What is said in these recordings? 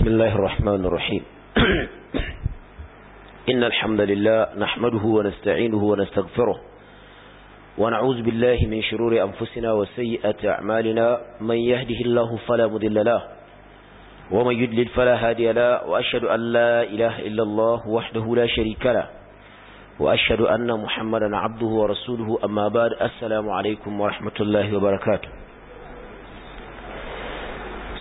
بسم الله الرحمن الرحيم إن الحمد لله نحمده ونستعينه ونستغفره ونعوذ بالله من شرور أنفسنا وسيئة أعمالنا من يهده الله فلا مذل له ومن يدلل فلا هادي له وأشهد أن لا إله إلا الله وحده لا شريك له وأشهد أن محمدا عبده ورسوله أما بعد السلام عليكم ورحمة الله وبركاته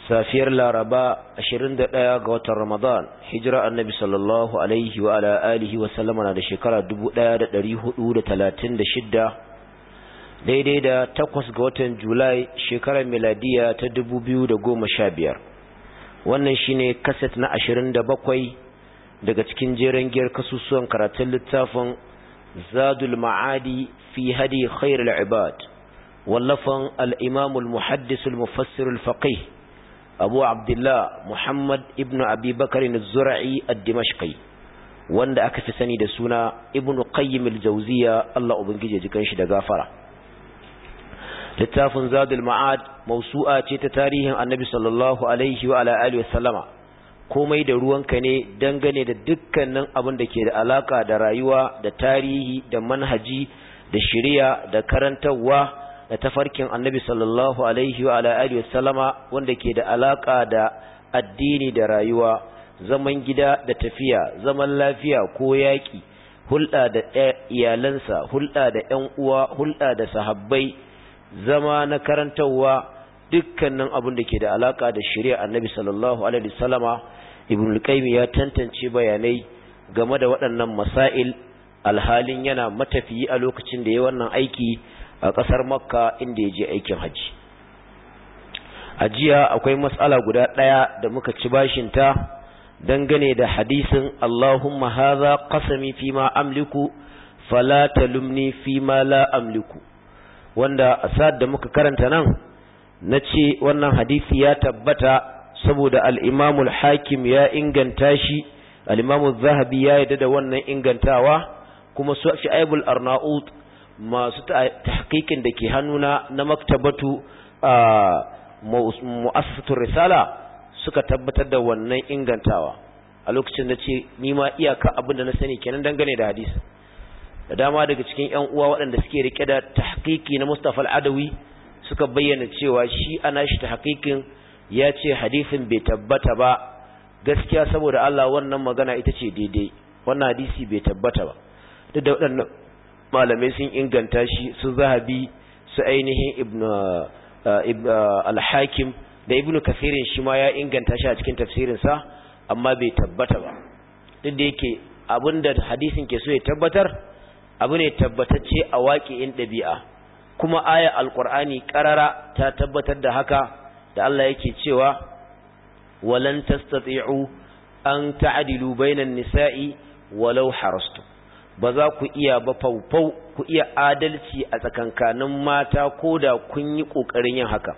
safiyar laraba 21 ga watan ramadan hijira annabi sallallahu alaihi wa ala alihi wa sallama na da shekara 1436 daidai da takwas ga watan julai shekarar miladiya ta 2015 wannan shine kaset na 27 daga cikin jeren giyar kasusuwan karatun littafin zadul ma'adi fi hadi khairul ibad wallafan al imamul muhaddisul mufassirul faqih abu abdullah muhammad ibn abi na zura'i a dimashqai wanda aka fi sani da suna ibn qayyim al-jawziya Allah ubangije jikan shi da gafara littafin zadul ma'ad mausu'a ce ta tarihin annabi sallallahu alaihi wa ala alihi komai da ruwanka ne dangane da dukkanin abin da ke da alaka da rayuwa da tarihi da manhaji da shari'a da karantarwa. da tafarkin annabi sallallahu alaihi wa ala alihi wasallama wanda ke da alaka da addini da rayuwa zaman gida da tafiya zaman lafiya ko yaƙi hulɗa da iyalansa hulɗa da ƴan uwa hulɗa da sahabbai zama na karantarwa dukkanin abin da ke da alaka da shari'a annabi sallallahu alaihi wasallama ibn al ya tantance bayanai game da waɗannan masail alhalin yana matafiyi a lokacin da ya wannan aiki a ƙasar makka inda ya je aikin hajji a jiya akwai matsala guda ɗaya da muka ci bashinta dangane da hadisin allahumma haza qasami fi ma amliku fala talumni fi ma la amliku wanda a sa'ad da muka karanta nan na ce wannan hadisi ya tabbata saboda al'imamul hakim ya inganta shi al'imamul zahabi ya yadda da wannan ingantawa kuma su fi arna'ut masu tahqiqin da ke hannuna na maktabatu mu'assasatul risala suka tabbatar da wannan ingantawa a lokacin da ce ni ma iyaka abin da na sani kenan dangane da hadisi da dama daga cikin 'yan uwa waɗanda suke rike da tahqiqi na Mustafa al-Adawi suka bayyana cewa shi ana shi tahqiqin ya ce hadisin bai tabbata ba gaskiya saboda Allah wannan magana ita ce daidai wannan hadisi bai tabbata ba duk da waɗannan malamai sun inganta shi su zahabi su ainihin ibn uh, uh, al-hakim da ibn kafirin shi ma ya inganta shi a cikin tafsirinsa amma bai tabbata ba duk da yake abinda hadisin ke so ya tabbatar abu ne tabbatacce a waƙi'in ɗabi'a kuma aya alƙur'ani ƙarara ta tabbatar da haka da Allah yake cewa walan tastati'u an ta'dilu bainan nisa'i walau harastu ba za ku iya ba faufau ku iya adalci a tsakankanin mata ko da kun yi ƙoƙarin yin haka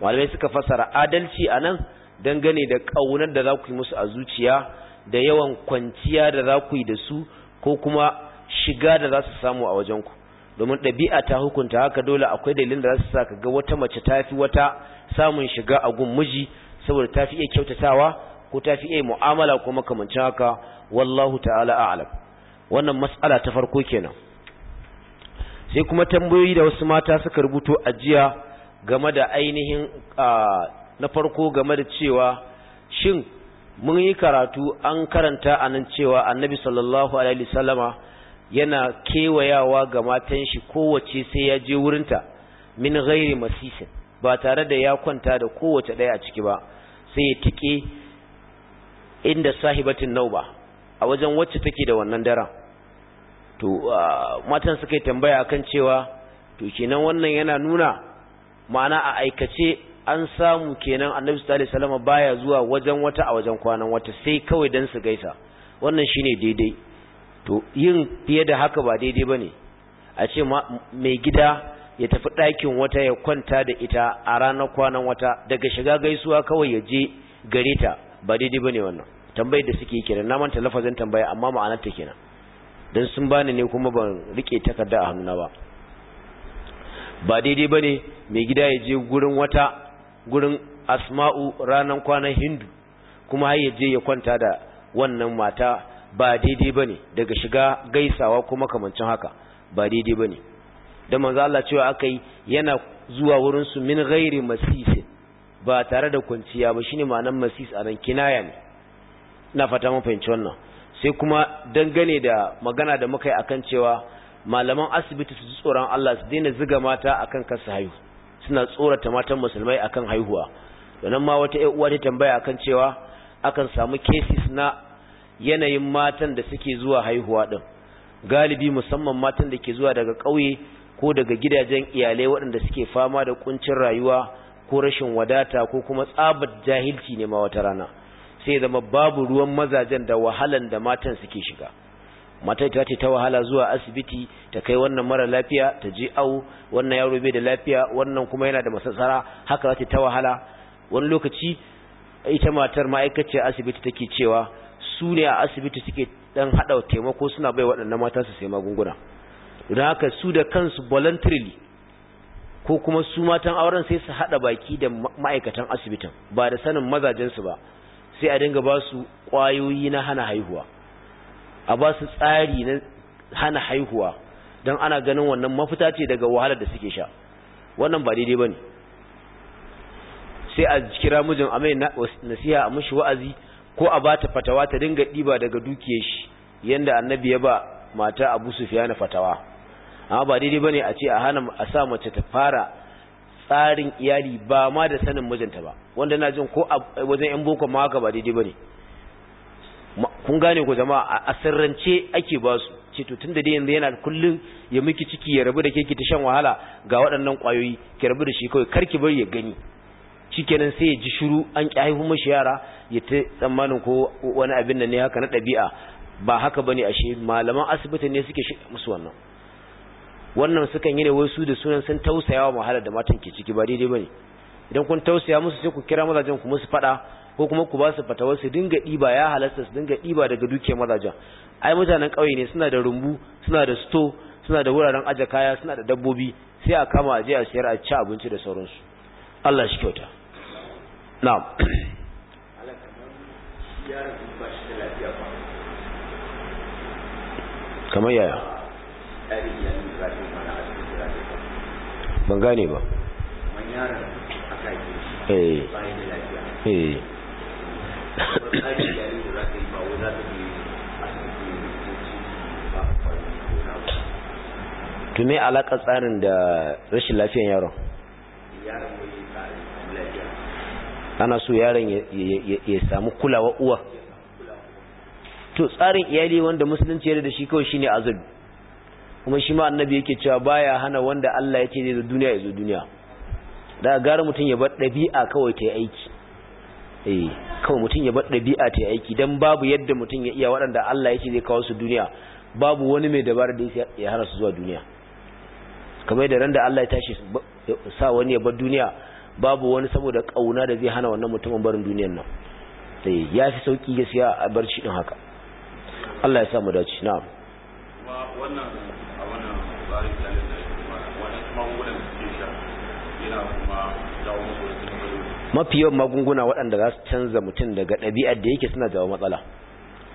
malamai suka fasara adalci a nan dangane da ƙaunar da za ku yi musu a zuciya da yawan kwanciya da za ku yi da su ko kuma shiga da za su samu a wajenku domin ɗabi'a ta hukunta haka dole akwai dalilin da za su sa ka ga wata mace ta fi wata samun shiga a gun miji saboda ta fi iya kyautatawa ko ta fi iya mu'amala ko makamancin haka wallahu ta'ala a'lam wannan matsala ta farko kenan sai kuma tambayoyi da wasu mata suka rubuto ajiya game da ainihin na farko game da cewa shin mun yi karatu an karanta a nan cewa annabi sallallahu alaihi yana kewayawa ga matan shi kowace sai ya je wurinta min ghairi masisin ba tare da ya kwanta da kowace ɗaya a ciki ba sai ya tike inda sahibatin nau ba a wajen wacce take da wannan daren to matan suka yi tambaya akan cewa to kenan wannan yana nuna ma'ana a aikace an samu kenan annabi sallallahu alaihi wasallam baya zuwa wajen wata a wajen kwanan wata sai kawai dan su gaisa wannan shine daidai to yin fiye da haka ba daidai bane a ce mai gida ya tafi ɗakin wata ya kwanta da ita a ranar kwanan wata daga shiga gaisuwa kawai ya je gare ta ba daidai bane wannan tambayar da suke kenan na manta lafazin tambaya amma ma'anar ta kenan dan sun bani ne kuma ban rike takarda a hannuna ba ba daidai bane mai gida ya je gurin wata gurin asma'u ranar kwanan hindu kuma har ya je ya kwanta da wannan mata ba daidai bane daga shiga gaisawa kuma kamancin haka ba daidai bane da manzo Allah cewa yi yana zuwa wurin su min ghairi masisin ba tare da kwanciya ba shine ma'anar masis anan kinaya ne na fata mun fahimci wannan sai kuma dangane da magana da muka yi akan cewa malaman asibiti su tsoron Allah su daina ziga mata akan kansu haihu suna tsorata matan musulmai akan haihuwa nan ma wata ƴan uwa ta tambaya akan cewa akan samu cases na yanayin matan da suke zuwa haihuwa din galibi musamman matan da ke zuwa daga ƙauye ko daga gidajen iyalai waɗanda suke fama da kuncin rayuwa ko rashin wadata ko kuma tsabar jahilci ne ma wata rana sai zama babu ruwan mazajen da wahalan da matan suke shiga mata ta ce ta wahala zuwa asibiti ta kai wannan mara lafiya ta je au wannan yaro bai da lafiya wannan kuma yana da masassara haka za ta ta wahala wani lokaci ita matar ma'aikaciyar asibiti take cewa su ne a asibiti suke dan haɗa taimako suna bai waɗannan mata su sai magunguna don haka su da kansu voluntarily ko kuma su matan auren sai su haɗa baki da ma'aikatan asibitin ba da sanin mazajensu ba sai a dinga ba su ƙwayoyi na hana haihuwa a ba su tsari na hana haihuwa don ana ganin wannan mafita ce daga wahalar da suke sha wannan ba daidai ba ne sai a kira mijin a mai nasiha a mashi wa'azi ko a ba ta fatawa ta dinga ɗiba daga dukiyar shi yadda annabi ya ba mata abu sufiya na fatawa amma ba daidai ba ne a ce a hana a sa mace ta fara tsarin iyali ba ma da sanin mijinta ba wanda na jin ko wajen yan boko ma haka ba daidai bane kun gane ku jama'a a sirrance ake ba su ce to tunda dai yanzu yana kullun ya miki ciki ya rabu da ke ki ta shan wahala ga waɗannan ƙwayoyi ki rabu da shi kawai kar ki bar ya gani shikenan sai ya ji shiru an ki haihu mashi yara ya ta tsammanin ko wani abin nan ne haka na ɗabi'a ba haka bane ashe malaman asibiti ne suke musu wannan wannan sukan yi ne wai su da sunan sun tausaya wa wahalar da matan ke ciki ba daidai bane idan kun tausaya musu sai ku kira mazajen ku musu fada ko kuma ku ba su fatawar su dinga diba ya halasta su dinga diba daga dukiyar mazajen ai mutanen ƙauye ne suna da rumbu suna da sto suna da wuraren aje kaya suna da dabbobi sai a kama aje a sayar a ci abinci da sauransu Allah shi kyauta na'am kamar yaya ban gane ba eh. eh. tume alaƙa tsarin da rashin lafiyan yaron ana so yaron ya samu kulawa uwa to tsarin iyali wanda musulunci yadda da shi kawai shine azabi kuma shi ma annabi yake cewa baya hana wanda Allah ya ce zai zo duniya ya zo duniya da gara mutun ya bar ɗabi'a kawai ta aiki eh kawai mutum ya bar ɗabi'a ta aiki dan babu yadda mutum ya iya waɗanda Allah ya ce zai kawo su duniya babu wani mai dabara da ya hana su zuwa duniya kamar da ran da Allah ya tashi sa wani ya bar duniya babu wani saboda kauna da zai hana wannan mutumin barin duniyar nan sai eh, ya fi sauki gaskiya a barci din haka Allah ya sa mu dace na'am wannan tsarin da wani da suke sha yana kuma jawo musu mafi yawan magunguna waɗanda za su canza mutum daga ɗabi'ar da yake suna jawo matsala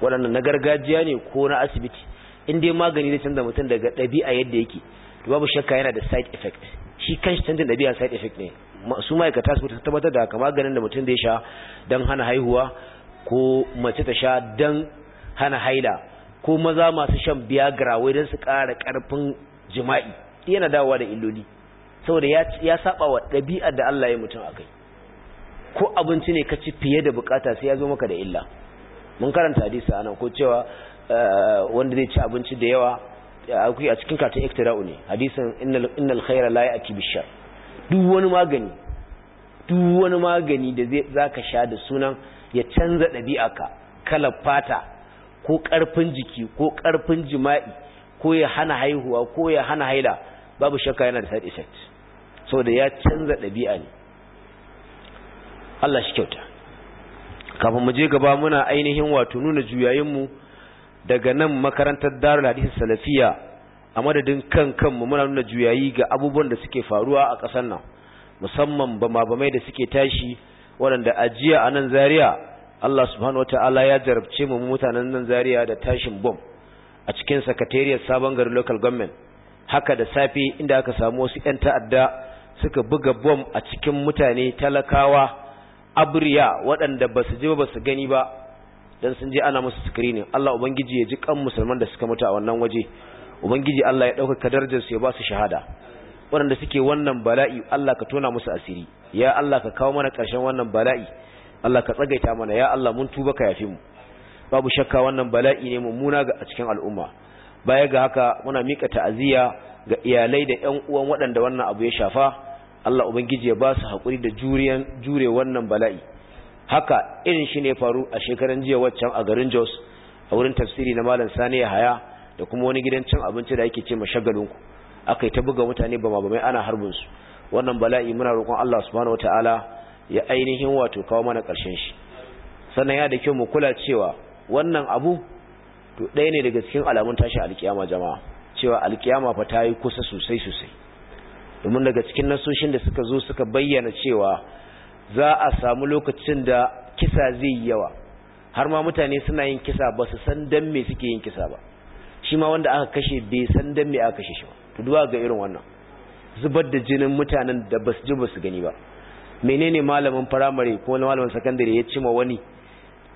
waɗanda na gargajiya ne ko na asibiti in dai magani zai canza mutum daga ɗabi'a yadda yake to babu shakka yana da side effect shi kanshi canjin ɗabi'a side effect ne su ma'aikata su tabbatar da haka maganin da mutum zai sha don hana haihuwa ko mace ta sha don hana haila ko maza masu shan biya garawai don su ƙara ƙarfin jima'i yana dawowa da illoli saboda ya saba wa ɗabi'ar da Allah ya mutum a kai ko abinci ne ka ci fiye da bukata sai ya zo maka da illa mun karanta hadisi anan ko cewa eh, wanda zai ci abinci da yawa akwai a cikin katin iktira'u ne hadisin innal khaira la ya'ti bishar duk wani magani duk wani magani da zai zaka sha da sunan ya canza ka kalar fata ko ƙarfin jiki ko ƙarfin jima'i ko ya hana haihuwa ko ya hana haila babu shakka yana da side effect saboda ya canza ɗabi'a ne Allah shi kyauta kafin mu je gaba muna ainihin wato nuna juyayinmu daga nan makarantar darul hadisi salafiya a madadin kan kanmu muna nuna juyayi ga abubuwan da suke faruwa a ƙasar nan musamman bama-bamai da suke tashi waɗanda ajiya a nan zaria Allah subhanahu wataala ya jarabce mu mutanen nan zaria da tashin bomb a cikin sakatariyar sabon gari local government haka da safe inda aka samu wasu 'yan ta'adda suka buga bom a cikin mutane talakawa abriya waɗanda ba su ji ba su gani ba don sun je ana musu screening Allah ubangiji ya ji kan musulman da suka mutu a wannan waje ubangiji Allah ya ɗaukaka darajar su ya ba su shahada waɗanda suke wannan bala'i Allah ka tona musu asiri ya Allah ka kawo mana ƙarshen wannan bala'i Allah ka tsagaita mana ya Allah mun tuba ka yafi mu babu shakka wannan bala'i ne mummuna ga a cikin al'umma baya ga haka muna mika ta'aziyya ga iyalai da ƴan uwan waɗanda wannan abu ya shafa Allah ubangiji ya ba su haƙuri da juriyan jure wannan bala'i haka irin shi ne faru a shekaran jiya waccan a garin Jos a wurin tafsiri na Malam Sani Yahaya da kuma wani gidan cin abinci da yake ce mashagalinku ku akai ta buga mutane ba ma bamai ana harbin su wannan bala'i muna roƙon Allah subhanahu wataala ya ainihin wato kawo mana ƙarshen shi sannan ya da kyau mu kula cewa wannan abu to ɗaya ne daga cikin alamun tashi alkiyama jama'a cewa alkiyama fa ta yi kusa sosai sosai domin daga cikin nasoshin da suka zo suka bayyana cewa za a samu lokacin da kisa zai yi yawa har ma mutane suna yin kisa ba su san dan me suke yin kisa ba shi ma wanda aka kashe bai san dan me aka kashe shi ba to duwa ga irin wannan zubar da jinin mutanen da basu ji basu gani ba menene malamin firamare ko malamin sakandare ya cima wani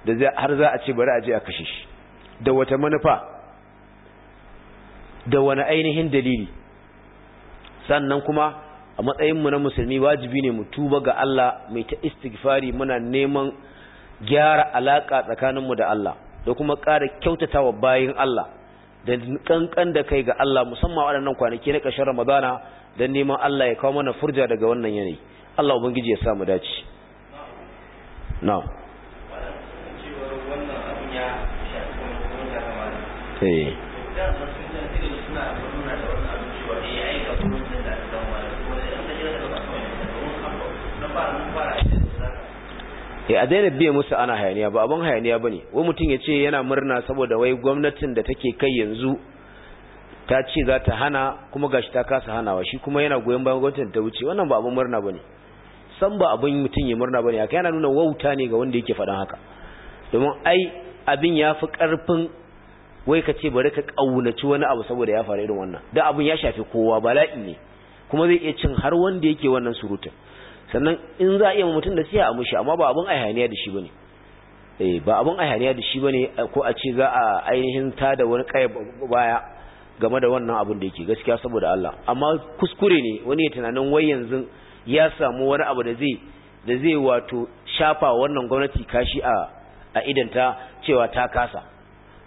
da har za a ce bari a je a kashe shi da wata manufa da wani ainihin dalili sannan kuma a matsayinmu na musulmi wajibi ne mu tuba ga Allah mai ta istighfari muna neman gyara alaka tsakaninmu da Allah da kuma ƙara kyautatawa bayin Allah da kankan da kai ga Allah musamman waɗannan kwanaki na ƙarshen Ramadana dan neman Allah ya kawo mana furja daga wannan yanayi Allah ubangiji ya sa mu dace na'am eh e a daina biya musu ana hayaniya ba abin hayaniya ba ne wani mutum ya ce yana murna saboda wai gwamnatin da take kai yanzu ta ce za ta hana kuma gashi ta kasa hanawa shi kuma yana goyon bayan gwamnatin ta wuce wannan ba abin murna ba ne san ba abin mutum ya murna ba ne haka yana nuna wauta ne ga wanda yake faɗan haka domin ai abin ya fi ƙarfin wai ka ce bari ka kaunaci wani abu saboda ya faru irin wannan da abun ya shafi kowa bala'i ne kuma zai iya cin har wanda yake wannan surutun sannan in za a iya mutum da siya a mushi amma ba abun ayaniya da shi bane eh ba abun ayaniya da shi bane ko a ce za a ainihin ta da wani kai baya game da wannan abun da yake gaskiya saboda Allah amma kuskure ne wani ya tunanin wai yanzu ya samu wani abu da zai da zai wato shafa wannan gwamnati kashi a a idanta cewa ta kasa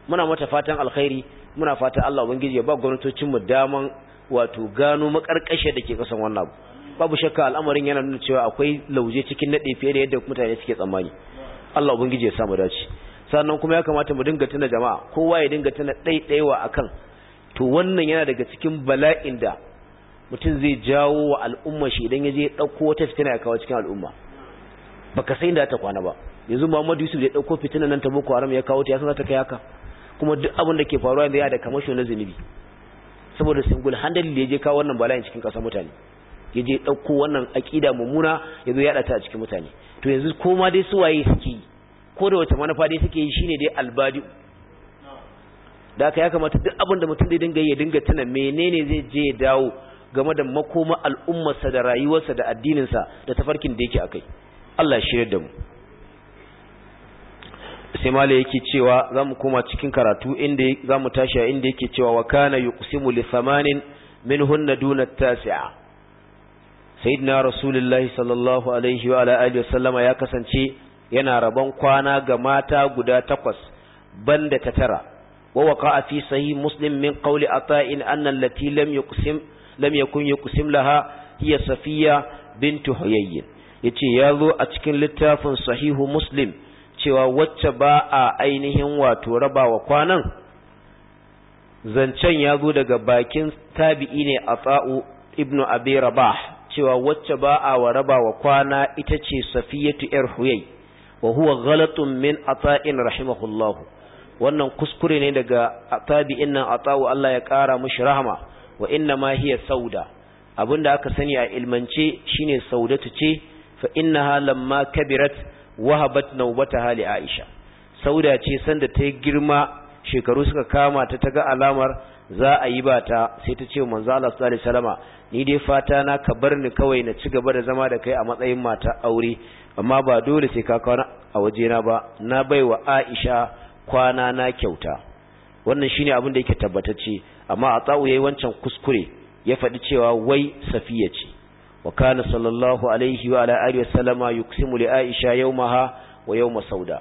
muna mata fatan alkhairi muna fata Allah ubangiji ya ba gwamnatocin mu daman wato gano makarkashe da ke kasan wannan abu babu shakka al'amarin yana nuna cewa akwai lauje cikin nade fiye da yadda mutane suke tsammani Allah ubangiji ya samu dace sannan kuma ya kamata mu dinga tuna jama'a kowa ya dinga tuna ɗaiɗaiwa akan to wannan yana daga cikin bala'in da mutum zai jawo wa al'umma shi idan ya je dauko wata fitina ya kawo cikin al'umma baka sai inda ta kwana ba yanzu Muhammadu Yusuf ya dauko fitina nan ta Boko Haram ya kawo ta ya za ta kai haka kuma duk abin da ke faruwa yanzu ya da kamasho na zunubi saboda singul handali da ya je kawo wannan bala'in cikin ƙasar mutane ya je ɗauko wannan aƙida mummuna ya zo yaɗata a cikin mutane to yanzu koma dai su waye suke yi ko da wata manufa dai suke yi shine dai albadi da aka ya kamata duk abin da mutum zai dinga yi ya dinga tuna menene zai je ya dawo game da makoma al'ummarsa da rayuwarsa da addininsa da tafarkin da yake akai Allah shirya da mu sai mala yake cewa za mu koma cikin karatu inda za mu tashi a inda yake cewa wa kana yuqsimu li thamanin min hunna duna tasi'a sayyidina rasulullahi sallallahu alaihi wa alihi wasallama ya kasance yana rabon kwana ga mata guda takwas banda ta tara wa waqa'a fi sahih muslim min qawli ata'in anna allati lam yuqsim lam yakun yuqsim laha hiya safiya bintu huyayyin yace ya zo a cikin littafin sahihu muslim cewa wacce ba a ainihin wato raba wa kwanan zancen ya zo daga bakin tabi'i ne a tsa'u ibnu abi rabah cewa wacce ba a wa raba wa kwana ita ce safiyatu yar huyai wa huwa ghalatun min ata'in rahimahullahu wannan kuskure ne daga tabi'in nan ata'u Allah ya kara mushi rahama wa inna ma hiya sauda abinda aka sani a ilmance shine saudatu ce fa innaha lamma kabirat wahabat nawbata hali Aisha sauda ce sanda ta girma shekaru suka kama ta taga alamar za a yi ta sai ta ce manzo Allah sallallahu alaihi wasallama ni dai fata na ka bar ni kawai na ci gaba da zama da kai a matsayin mata aure amma ba dole sai ka kawo a waje na ba na baiwa Aisha kwana na kyauta wannan shine abin da yake tabbatacce amma a tsawo yayi wancan kuskure ya faɗi cewa wai safiya ce وكان صلى الله عليه وعلى آله وسلم يقسم لعائشة يومها ويوم سودا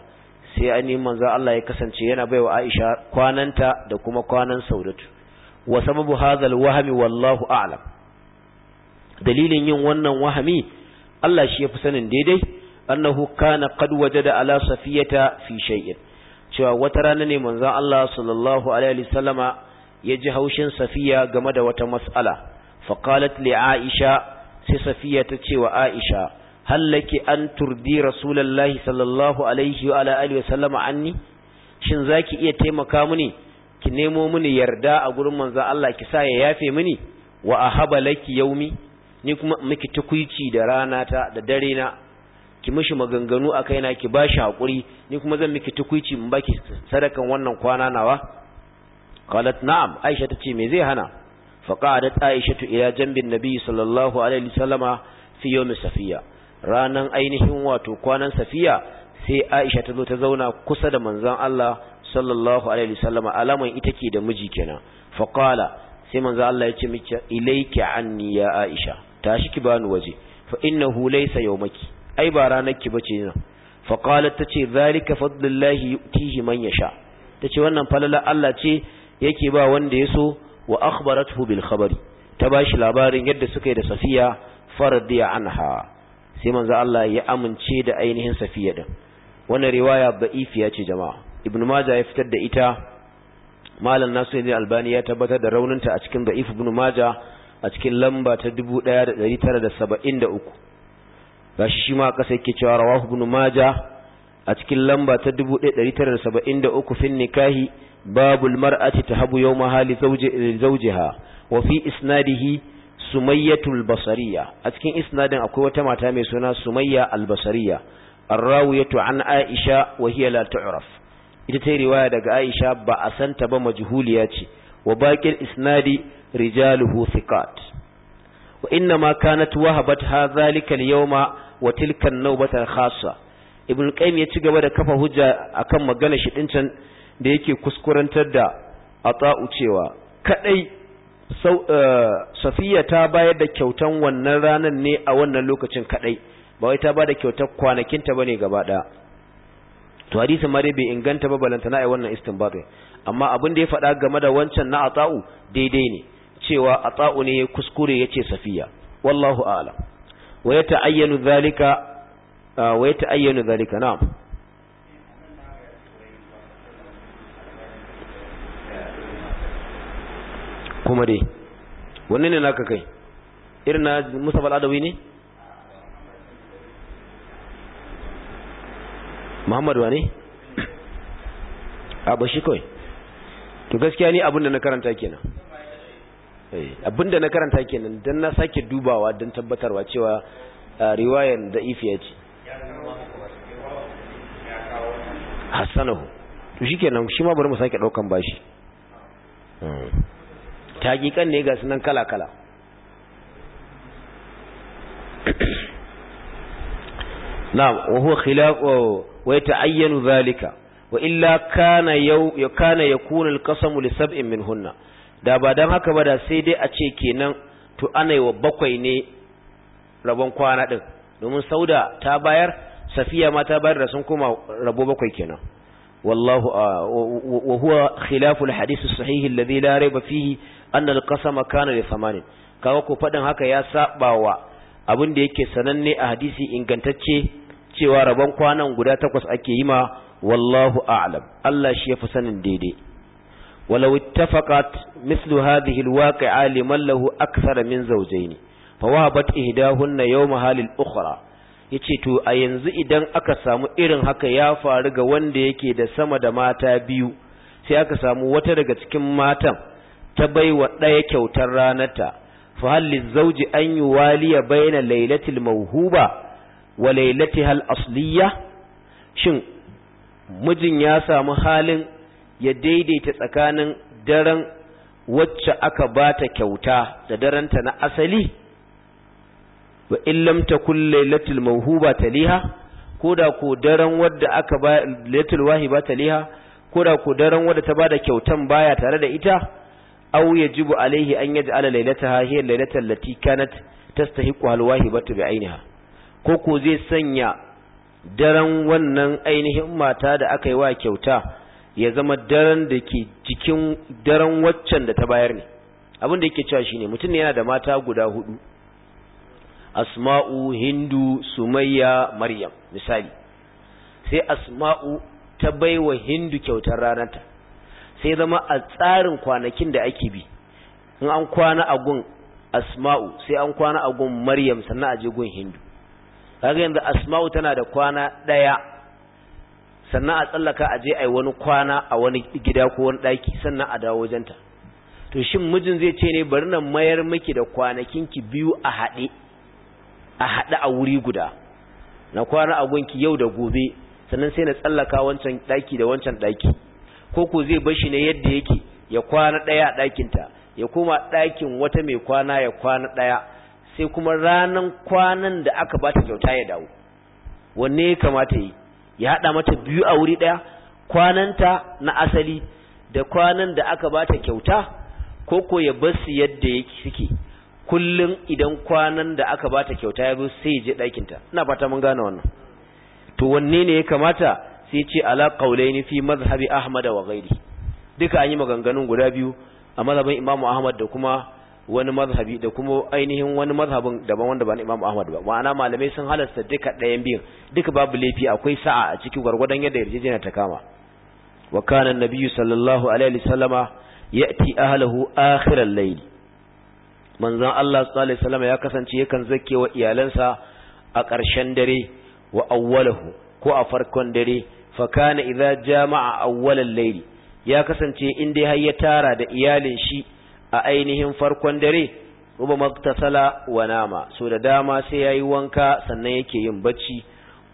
sai yi manzo Allah ya kasance yana baiwa Aisha kwananta da kuma kwanan Saudatu wa sababu hadhal wahmi wallahu a'lam dalilin yin wannan wahami Allah shi fi sanin daidai annahu kana qad wajada ala safiyata fi shay'in cewa wata rana ne manzo Allah sallallahu alaihi wasallama ya ji haushin safiya game da wata mas'ala faqalat li Aisha sai safiya ta ce wa aisha hallaki an turdi rasulallahi sallallahu alaihi wa alihi wasallama anni shin zaki iya taimaka mini ki nemo mini yarda a gurin manzo Allah ki sa ya yafe mini wa ahaba laki yaumi ni kuma miki tukuici da rana ta da dare na ki mishi maganganu a kaina ki bashi hakuri ni kuma zan miki tukuici in baki sadakan wannan kwana nawa qalat na'am aisha tace me zai hana فقعدت aishatu إلى جنب النبي صلى الله عليه وسلم في يوم ranan ainihin wato kwanan safiya sai Aisha ta zo ta zauna kusa da manzon Allah sallallahu alaihi wasallam alaman ita ke da miji kenan faqala sai manzon Allah ya ce miki ilayki anni ya Aisha tashi ki bani waje fa innahu laysa yawmaki ai ba ranar ki bace nan faqalat tace zalika fadlullahi yu'tihi man yasha tace wannan falala Allah ce yake ba wanda ya so. wa akhbarathu bil khabari ta bashi labarin yadda suka yi da safiya faradiya anha sai manzo Allah ya amince da ainihin safiya din wannan riwaya ba'ifiya ce jama'a ibn majah ya fitar da ita malam nasiruddin albani ya tabbatar da rauninta a cikin ba'if ibn majah a cikin lamba ta 1973 gashi shi ma kasa yake cewa rawahu ibn majah a cikin lamba ta 1973 fin nikahi باب المرأة تهب يومها لزوجها وفي إسناده سمية البصرية أتكين إسناد أقوى تماتا ميسونا سمية البصرية الراوية عن عائشة وهي لا تعرف إتتي رواية دق عائشة بأسنت بمجهوليات وباقي الإسناد رجاله ثقات وإنما كانت وهبتها ذلك اليوم وتلك النوبة الخاصة ibn qayyim ya ci gaba da kafa hujja akan maganar shi din can da yake kuskurantar da ata'u cewa kadai eh, safiya ta bayar da kyautan wannan ranar ne a wannan lokacin kadai ba wai ta bada da kyautar kwanakinta ba ne gaba ɗaya to hadisin mare bai inganta ba balanta na wannan istinbat amma abin da ya faɗa game da wancan na ata'u daidai ne cewa ata'u ne kuskure yace safiya wallahu a'lam wa yata'ayyanu dhalika eh, wa yata'ayyanu dhalika na'am kuma dai wanne ne naka kai irin na musabal adawi ne muhammad wa ne a ba shi kawai to gaskiya ni abinda na karanta kenan eh, abinda na karanta kenan don na sake dubawa don tabbatarwa cewa eh, riwayar da ifiya ce hassanahu to shi kenan shi ma bari mu sake daukan bashi hmm. hakikan ne ga sunan kala-kala na wahuwa khilafu wai ta'ayyanu zalika wa illa kana ya ya kuna alkasamu lissab'in min hunna da ba don haka ba da sai dai a ce kenan to ana wa bakwai ne rabon kwana ɗin domin sauda ta bayar safiya ma ta bayar da sun kuma rabo bakwai kenan والله وهو خلاف sahihin الصحيح الذي لا ريب annal qasama kana li samanin kaga ko fadin haka ya sabawa abin da yake sananne a hadisi ingantacce cewa rabon kwanan guda takwas ake yi ma wallahu a'lam Allah shi ya fi sanin daidai mislu اتفقت مثل liman lahu لمن min zawjayn fa wahabat ihdahunna yawma halil ukhra yace to a yanzu idan aka samu irin haka ya faru ga wanda yake da sama da mata biyu sai aka samu wata daga cikin matan ta baiwa ɗaya kyautar ranarta fa halli zauji an yi waliya baina lailatul mawhuba wa lailatiha al-asliya shin mijin ya samu halin ya daidaita tsakanin daren wacce aka bata kyauta da daranta na asali wa illam takun lailatul mawhuba taliha koda ko daren wadda aka ba lailatul wahiba taliha koda ko daren wadda ta bada kyautan baya tare da ita aw yajibu alaihi an yaj'ala laylataha hiya laylatan lati kanat tastahiqu alwahibatu bi ainiha ko ko zai sanya daren wannan ainihin mata da aka yi wa kyauta ya zama daren da ke jikin daren waccan da ta bayar ne abin da yake cewa shine mutum ne yana da mata guda hudu asma'u hindu sumayya maryam misali sai asma'u ta baiwa hindu kyautar ranarta sai zama a tsarin kwanakin da ake bi in an kwana a gun asma'u sai an kwana a gun maryam sannan a je gun hindu kaga yanzu asma'u tana da kwana ɗaya sannan a tsallaka a je a yi wani kwana a wani gida ko wani ɗaki sannan a dawo wajenta to shin mijin zai ce ne bari na mayar miki da kwanakinki biyu a haɗe a haɗe a wuri guda na kwana a gunki yau da gobe sannan sai na tsallaka wancan ɗaki da wancan ɗaki ko ko zai bar shi ne yadda yake ya kwana daya a ɗakinta ya koma ɗakin wata mai kwana ya kwana ɗaya sai kuma ranan kwanan da aka bata kyauta ya dawo wanne ya kamata yi ya haɗa mata biyu a wuri ɗaya kwananta na asali da kwanan da aka bata kyauta ko ko ya bar su yadda yake suke kullum idan kwanan da aka bata kyauta ya zo sai ya je ɗakinta ina fata mun gane wannan to wanne ne ya kamata sai ce ala qaulaini fi mazhabi ahmad wa ghairi duka an yi maganganun guda biyu a mazhabin imam ahmad da kuma wani mazhabi da kuma ainihin wani mazhabin daban wanda ba na imam ahmad ba ma'ana malamai sun halasta duka ɗayan biyun duka babu laifi akwai sa'a a cikin gwargwadon yadda yarjejeniya ta kama wa kana annabiyyu sallallahu alaihi wasallama ya'ti ahlihi al layl manzon Allah sallallahu alaihi wasallama ya kasance yakan zake wa iyalansa a ƙarshen dare wa awwalahu ko a farkon dare fakana idza jama'a awwalal layl ya kasance in dai har ya tara da iyalin shi a ainihin farkon dare ruba maktasala wa nama so da dama sai yayi wanka sannan yake yin bacci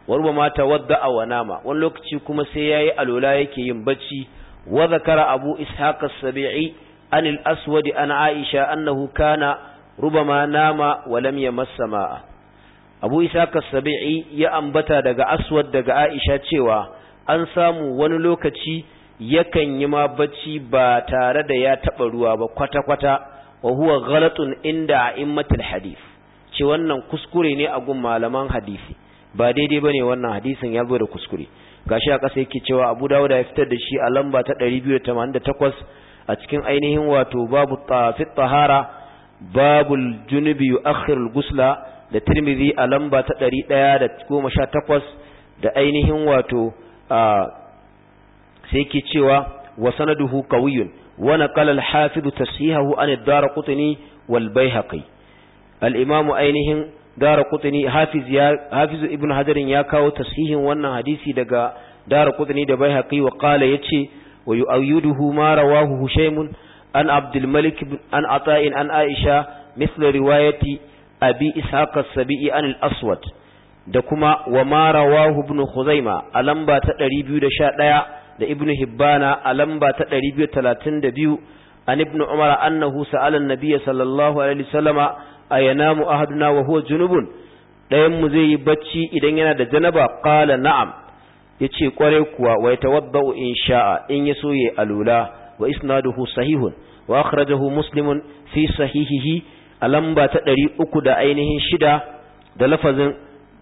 warba ruba ma wa nama wani lokaci kuma sai yayi alola yake yin bacci wa zakara abu ishaq as-sabi'i an al-aswad an aisha annahu kana rubama nama wa lam yamassa ma'a abu ishaq as-sabi'i ya ambata daga aswad daga aisha cewa an samu wani lokaci yakan yi ma bacci ba tare da ya taɓa ruwa ba kwata-kwata wa huwa ghalatun inda a'immatul hadith ce wannan kuskure ne a gun malaman hadisi ba daidai bane wannan hadisin ya zo da kuskure gashi a ƙasa yake cewa Abu Dawud ya fitar da shi a lamba ta 288 a cikin ainihin wato babu tafi tahara babul junubi yu'akhkhirul gusla da Tirmidhi a lamba ta 118 da ainihin wato sai ke cewa wa sanaduhu kawiyun wa naqala al-hafiz tasihahu an ad-darqutni wal bayhaqi al-imam ainihin darqutni hafiz ya hafiz ibn hajar ya kawo tasihin wannan hadisi daga darqutni da bayhaqi wa qala yace wa yu'ayyiduhu ma rawahu hushaymun an abdul malik an ata'in an aisha مثل رواية أبي إسحاق السبيعي عن الأسود da kuma wa ma rawahu ibn khuzaima a lamba ta 211 da ibn hibbana a lamba ta 232 an ibn umar annahu sa'ala an-nabiy sallallahu alaihi wasallama ayanamu ahaduna wa huwa junubun dayan mu zai yi bacci idan yana da janaba qala na'am yace kware kuwa wa yatawaddau in sha'a in yaso ya alula wa isnaduhu sahihun wa akhrajahu muslimun fi sahihihi a lamba ta 300 da ainihin shida da lafazin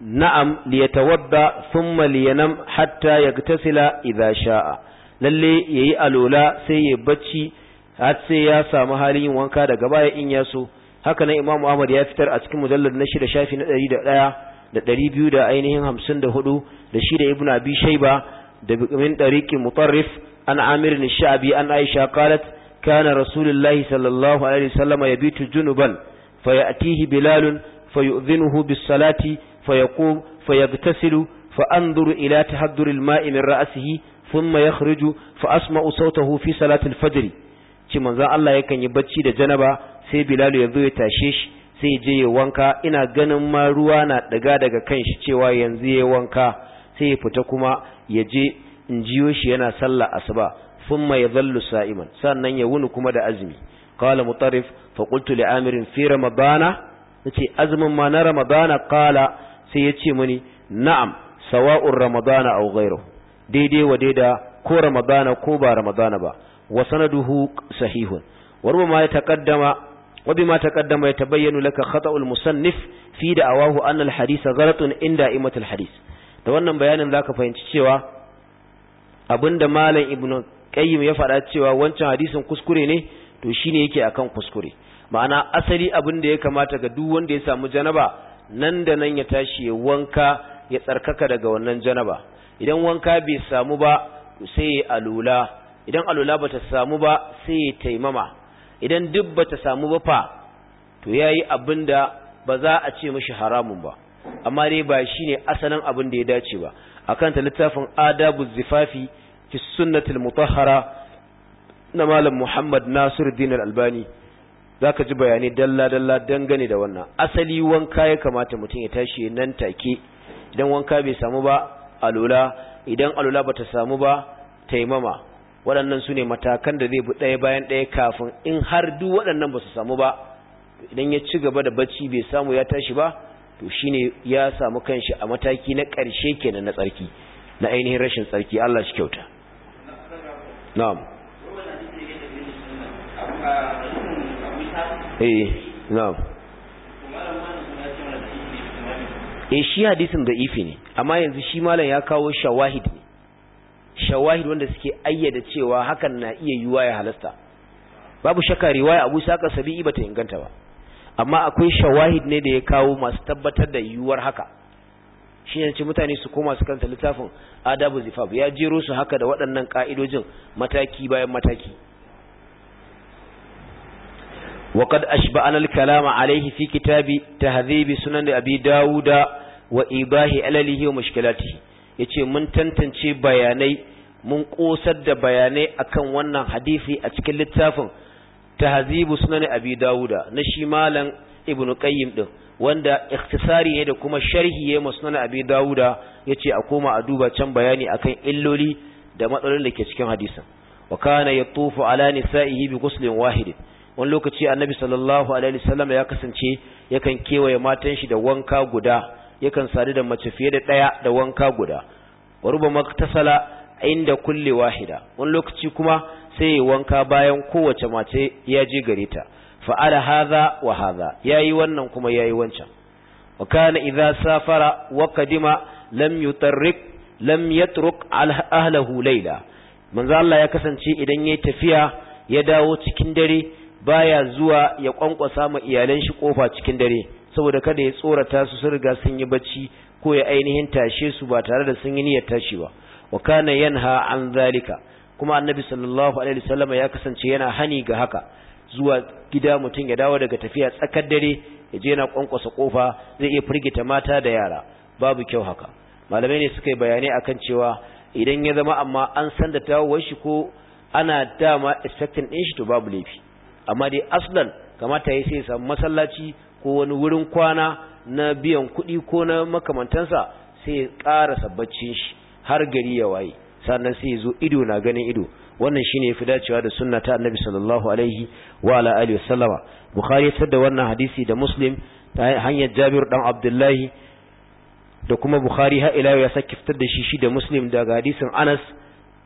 na'am liyatawadda thumma liyanam hatta yaktasila idza sha'a lalle yayi alola sai ya bacci har sai ya samu halin yin wanka daga baya in ya so haka nan imamu ahmad ya fitar a cikin mujallar na shida shafi na ɗari da ɗaya da ɗari biyu da ainihin hamsin da hudu da shi da ibn abi shaiba da min ɗariki mutarrif an amir ni sha'abi an aisha qalat kana rasulullahi sallallahu alaihi wasallam yabitu junuban fa ya'tihi bilalun fa yu'dhinuhu bis salati فيقوم فيغتسل فأنظر إلى تهدر الماء من رأسه ثم يخرج فأسمع صوته في صلاة الفجر ci manzon Allah yakan yi bacci da janaba sai Bilal ya zo ya tashe shi sai je ya wanka ina ganin ma ruwa na daga daga kanshi cewa yanzu ya wanka sai ya fita kuma ya je in jiyo shi yana sallah asuba thumma zallu sa'iman sannan ya wuni kuma da azumi qala mutarrif fa qultu li amirin fi ramadana nace azumin ma na ramadana qala sai ya ce mani na'am sawa'un ramadana a ghayruhu daidai wa daida ko ramadana ko ba ramadana ba wa sanaduhu sahihun warba ma ya yataqaddama wa bima taqaddama yatabayyanu laka khata'ul musannif fi da'awahu anna al-hadith ghalatun inda imatul hadis da wannan bayanin zaka fahimci cewa abinda malam ibnu qayyim ya faɗa cewa wancan hadisin kuskure ne to shine yake akan kuskure ma'ana asali abin da ya kamata ga duk wanda ya samu janaba nan da nan ya tashi ya wanka ya tsarkaka daga wannan janaba idan wanka bai samu ba sai ya alula idan alula bata samu ba sai ya taimama idan duk bata samu ba fa to yayi abinda ba za a ce mishi haramun ba amma dai ba shine asalin abin da ya dace ba akan ta littafin adabu zifafi fi sunnatul mutahhara na malam Muhammad Nasiruddin Al-Albani zaka ji bayani dalla dalla dangane da wannan asali wanka ya kamata mutum ya tashi nan take idan wanka bai samu ba alula idan alula bata samu ba taimama waɗannan su ne matakan da zai bi ɗaya bayan ɗaya kafin in har duk waɗannan ba su samu ba idan ya ci gaba da bacci bai samu ya tashi ba to shine ya samu kanshi a mataki na ƙarshe kenan na tsarki na ainihin rashin tsarki Allah shi kyauta na'am eh na'am eh shi hadisin da ifi ne amma yanzu shi malam ya kawo shawahid ne shawahid wanda suke ayyada cewa hakan na iya yiwa ya halasta babu shakka riwaya Abu Saka Sabi'i bata inganta ba amma akwai shawahid ne da ya kawo masu tabbatar da yiwuwar haka shi ne ce mutane su koma su kanta littafin adabu zifab ya jero su haka da waɗannan ƙa'idojin mataki bayan mataki وقد أشبعنا الكلام عليه في كتاب تهذيب سنن أبي داود وإباه ألله ومشكلاته yace mun tantance bayanai mun kosar da bayanai akan wannan hadisi a cikin littafin tahzibu sunan abi dauda na shi malam ibnu qayyim din wanda ikhtisari ne da kuma sharhi ne sunan abi dauda yace a koma a duba can bayani akan illoli da matsalolin da ke cikin hadisin wa kana yatufu ala nisa'ihi bi ghuslin wahidin wani lokaci annabi sallallahu alaihi wasallam ya kasance yakan kewaye matan shi da wanka guda yakan sadu da mace fiye da daya da wanka guda wa rubama tasala inda kulli wahida wani lokaci kuma sai ya wanka bayan kowace mace ya je gare ta fa'ala hadha wa hadha yayi wannan kuma yayi wancan wa kana idza safara wa qadima lam yutarrik lam yatruk ahlahu layla manzo Allah ya kasance idan yayi tafiya ya dawo cikin dare baya zuwa ya kwankwasa ma iyalan shi kofa cikin dare saboda kada ya tsorata su sun riga sun yi bacci ko ya ainihin tashe su ba tare da sun yi niyyar tashi ba wa kana yanha an zalika kuma annabi sallallahu alaihi wasallam ya kasance yana hani ga haka zuwa gida mutum ya dawo daga tafiya tsakar dare ya je yana kwankwasa kofa zai iya firgita mata da yara babu kyau haka malamai ne suka yi bayanai akan cewa idan ya zama amma an san da tawowar shi ko ana dama expecting din shi to babu laifi amma dai aslan kamata ya sai samu masallaci ko wani wurin kwana na biyan kuɗi ko na makamantansa sai ya ƙara sabbacin shi har gari ya waye sannan sai ya zo ido na ganin ido wannan shine yafi dacewa da sunna ta annabi sallallahu alaihi wa ala alihi wasallama bukhari ya tada wannan hadisi da muslim ta hanyar jabir dan abdullahi da kuma bukhari ha ila ya saki fitar da shi shi da muslim daga hadisin anas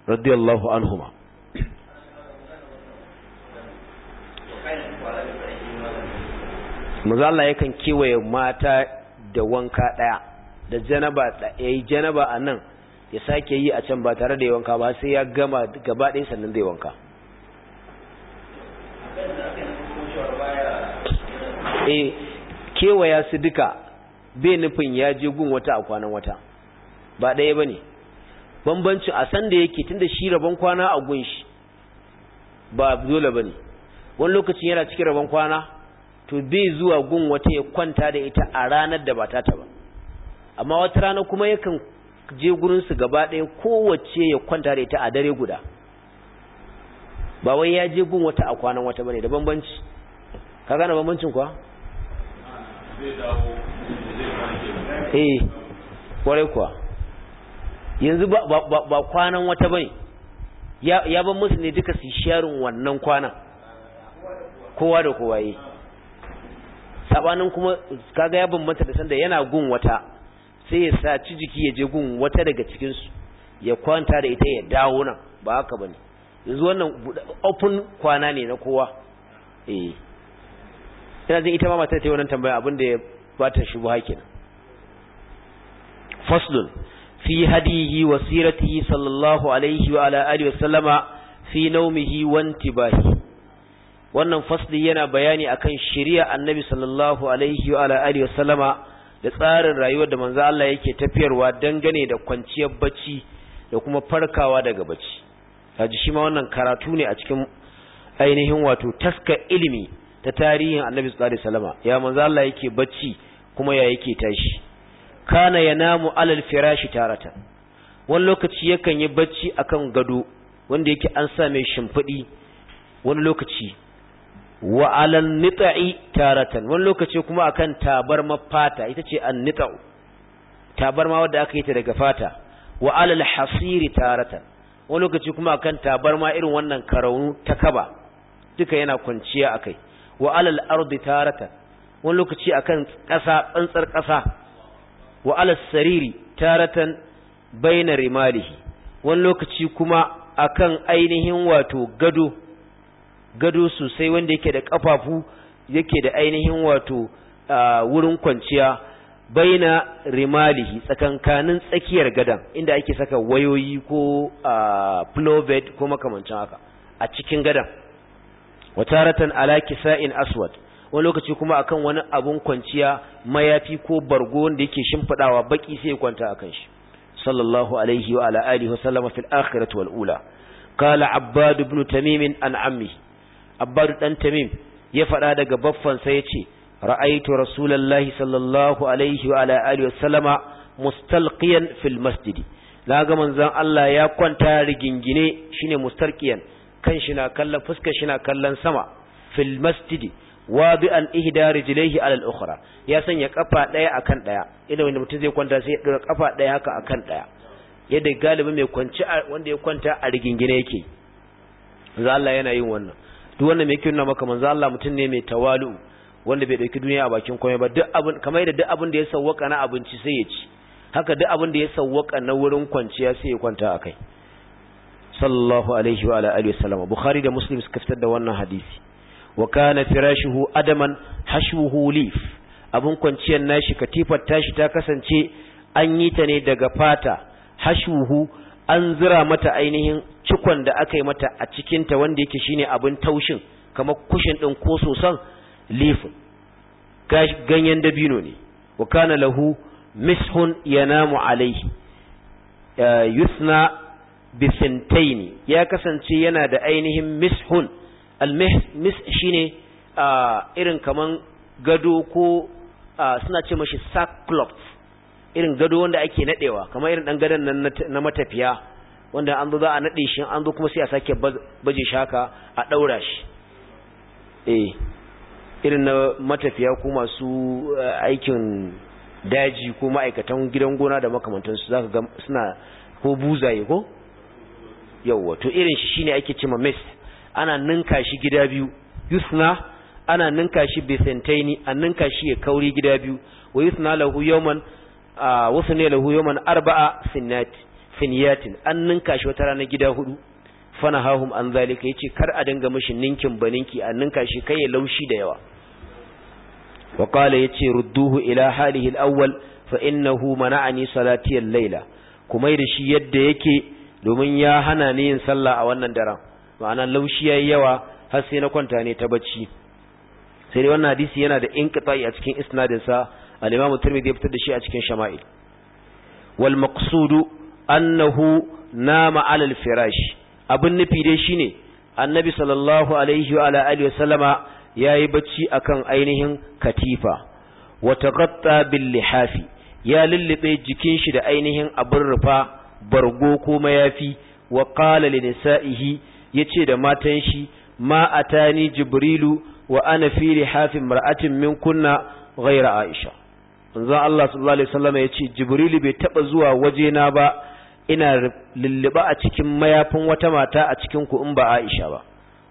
radiyallahu anhuma maza Allah yakan kewaye mata da wanka daya da janaba yi janaba a nan ya sake yi a can ba tare da wanka ba sai ya gama gaba ɗaya sannan zai wanka e kewaya su duka bai nufin ya je gun wata a kwanan wata ba ɗaya ba ne bambancin a san da yake da shi rabon kwana a gun shi ba dole ba ne wani lokacin yana cikin rabon kwana to be zuwa gun wata ya kwanta da ita a ranar da ba ta ba amma wata rana kuma yakan je gurinsu gaba ɗaya kowace ya kwanta da ita a dare guda ba wai ya je gun wata a kwanan wata bane da bambanci ka gane bambancin kuwa eh kwarai kuwa yanzu ba kwanan wata bane ya ban musu ne duka su sharin wannan kwanan kowa da kowa yi sabanin kuma kaga ya bambanta da sanda yana gun wata sai ya ci jiki ya je gun wata daga cikin su ya kwanta da ita ya dawo nan ba haka bane yanzu wannan open kwana ne na kowa eh ina jin ita ma mata ta yi wannan tambaya abin da ya bata shubu hakin faslun fi hadihi wa siratihi sallallahu alaihi wa ala alihi wa sallama fi nawmihi wa intibahi wannan fasli yana bayani akan shari'a annabi sallallahu alaihi wa alihi wa sallama da tsarin rayuwar da manzo Allah yake tafiyarwa dangane da kwanciyar bacci da kuma farkawa daga bacci kaji shi ma wannan karatu ne a cikin ainihin wato taska ilimi ta tarihin annabi sallallahu alaihi sallama ya manzo Allah yake bacci kuma ya yake tashi kana ya namu alal firashi tarata wani lokaci yakan yi bacci akan gado wanda yake an sa mai shimfiɗi wani lokaci wa alal nita'i taratan wani lokaci kuma akan tabarma fata ita ce an nita'u tabarma wadda aka yi ta daga fata wa alal hasiri taratan wani lokaci kuma akan tabarma irin wannan karaunu ta kaba duka yana kwanciya akai wa alal ardi taratan wani lokaci akan ƙasa tsantsar ƙasa wa alal sariri taratan baina rimalihi wani lokaci kuma akan ainihin wato gado gado sosai wanda yake da kafafu yake da ainihin wato wurin kwanciya baina rimalihi tsakankanin tsakiyar gadan inda ake saka wayoyi ko plovet ko makamancin haka a cikin gadan wataratan ala kisa'in aswad wani lokaci kuma akan wani abun kwanciya mayafi ko bargo wanda yake shimfidawa baki sai ya kwanta akan shi sallallahu alaihi wa ala alihi wa sallama fil akhirati wal ula qala abbad ibn tamim an ammi abbadu dan tamim ya faɗa daga baffansa ya ce ra'aitu rasulallahi sallallahu alaihi wa ala alihi wasallama mustalqiyan fil masjidi na ga manzon Allah ya kwanta rigingine shine mustalqiyan kan shi na kallon fuskar shi na kallon sama fil masjidi wabi'an ihda rijlaihi ala al-ukhra ya sanya kafa daya akan daya idan wanda mutum zai kwanta sai ya dora kafa daya haka akan daya yadda galibi mai kwanci wanda ya kwanta a rigingine yake za Allah yana yin wannan duk wanda mai kirna maka manzo Allah mutun ne mai tawalu wanda bai dauki duniya a bakin komai ba duk abin kamar yadda duk abin da ya sawwaka na abinci sai ya ci haka duk abin da ya sawwaka na wurin kwanciya sai ya kwanta akai sallallahu alaihi wa alihi wasallam bukhari da muslim suka fitar da wannan hadisi wa kana firashuhu adaman hashuhu lif abun kwanciyar nashi katifar tashi ta kasance an yi ta ne daga fata hashuhu an zira mata ainihin cikon da aka yi mata a cikinta wanda yake shi ne abin taushin kamar kushin ɗin ko sosan lifin ganyen dabino ne wa kana lahu mishun yanamu alaihi yusna ne ya kasance yana da ainihin mishun almis ne irin kaman gado ko suna ce mashi sackcloth irin gado wanda ake nadewa kamar irin ɗan gadon na matafiya wanda an zo za a naɗe shi an zo kuma sai a sake baje shaka a ɗaura shi eh irin na matafiya ko masu eh, aikin daji ko ma'aikatan gidan gona da makamantansu za ka ga suna ko buzaye ko yawwa to irin shi shine ake cima mes ana ninka shi gida biyu yusna ana ninka shi bisentaini an ninka shi ya kauri gida biyu wa yusna lahu yawman wasu ne lahu yawman arba'a sinnati finiyatin an ninka shi wata rana gida hudu fana hahum an zalika yace kar a dinga mishi ninkin baninki an ninka shi kai ya laushi da yawa wa qala yace rudduhu ila halihi alawwal awwal fa innahu mana'ani salati al-laila kuma da shi yadda yake domin ya hana ni yin sallah a wannan daren ma'ana laushi yayi yawa har sai na kwanta ne ta bacci sai dai wannan hadisi yana da inqita'i a cikin isnadinsa sa al imamu tirmidhi ya fitar da shi a cikin shama'il wal maqsudu annahu nama alal firash abin nufi dai shine annabi sallallahu alaihi wa alihi wasallama yayi bacci akan ainihin katifa wa taqatta bil lihafi ya lulluɓe jikin shi da ainihin abin rufa bargo ko mayafi wa qala li nisa'ihi yace da matan shi ma atani jibrilu wa ana fi lihafi mar'atin min kunna ghaira aisha manzo Allah sallallahu alaihi wasallam yace jibrilu bai taɓa zuwa waje na ba ina lulluba a cikin mayafin wata mata a cikin ku in ba Aisha ba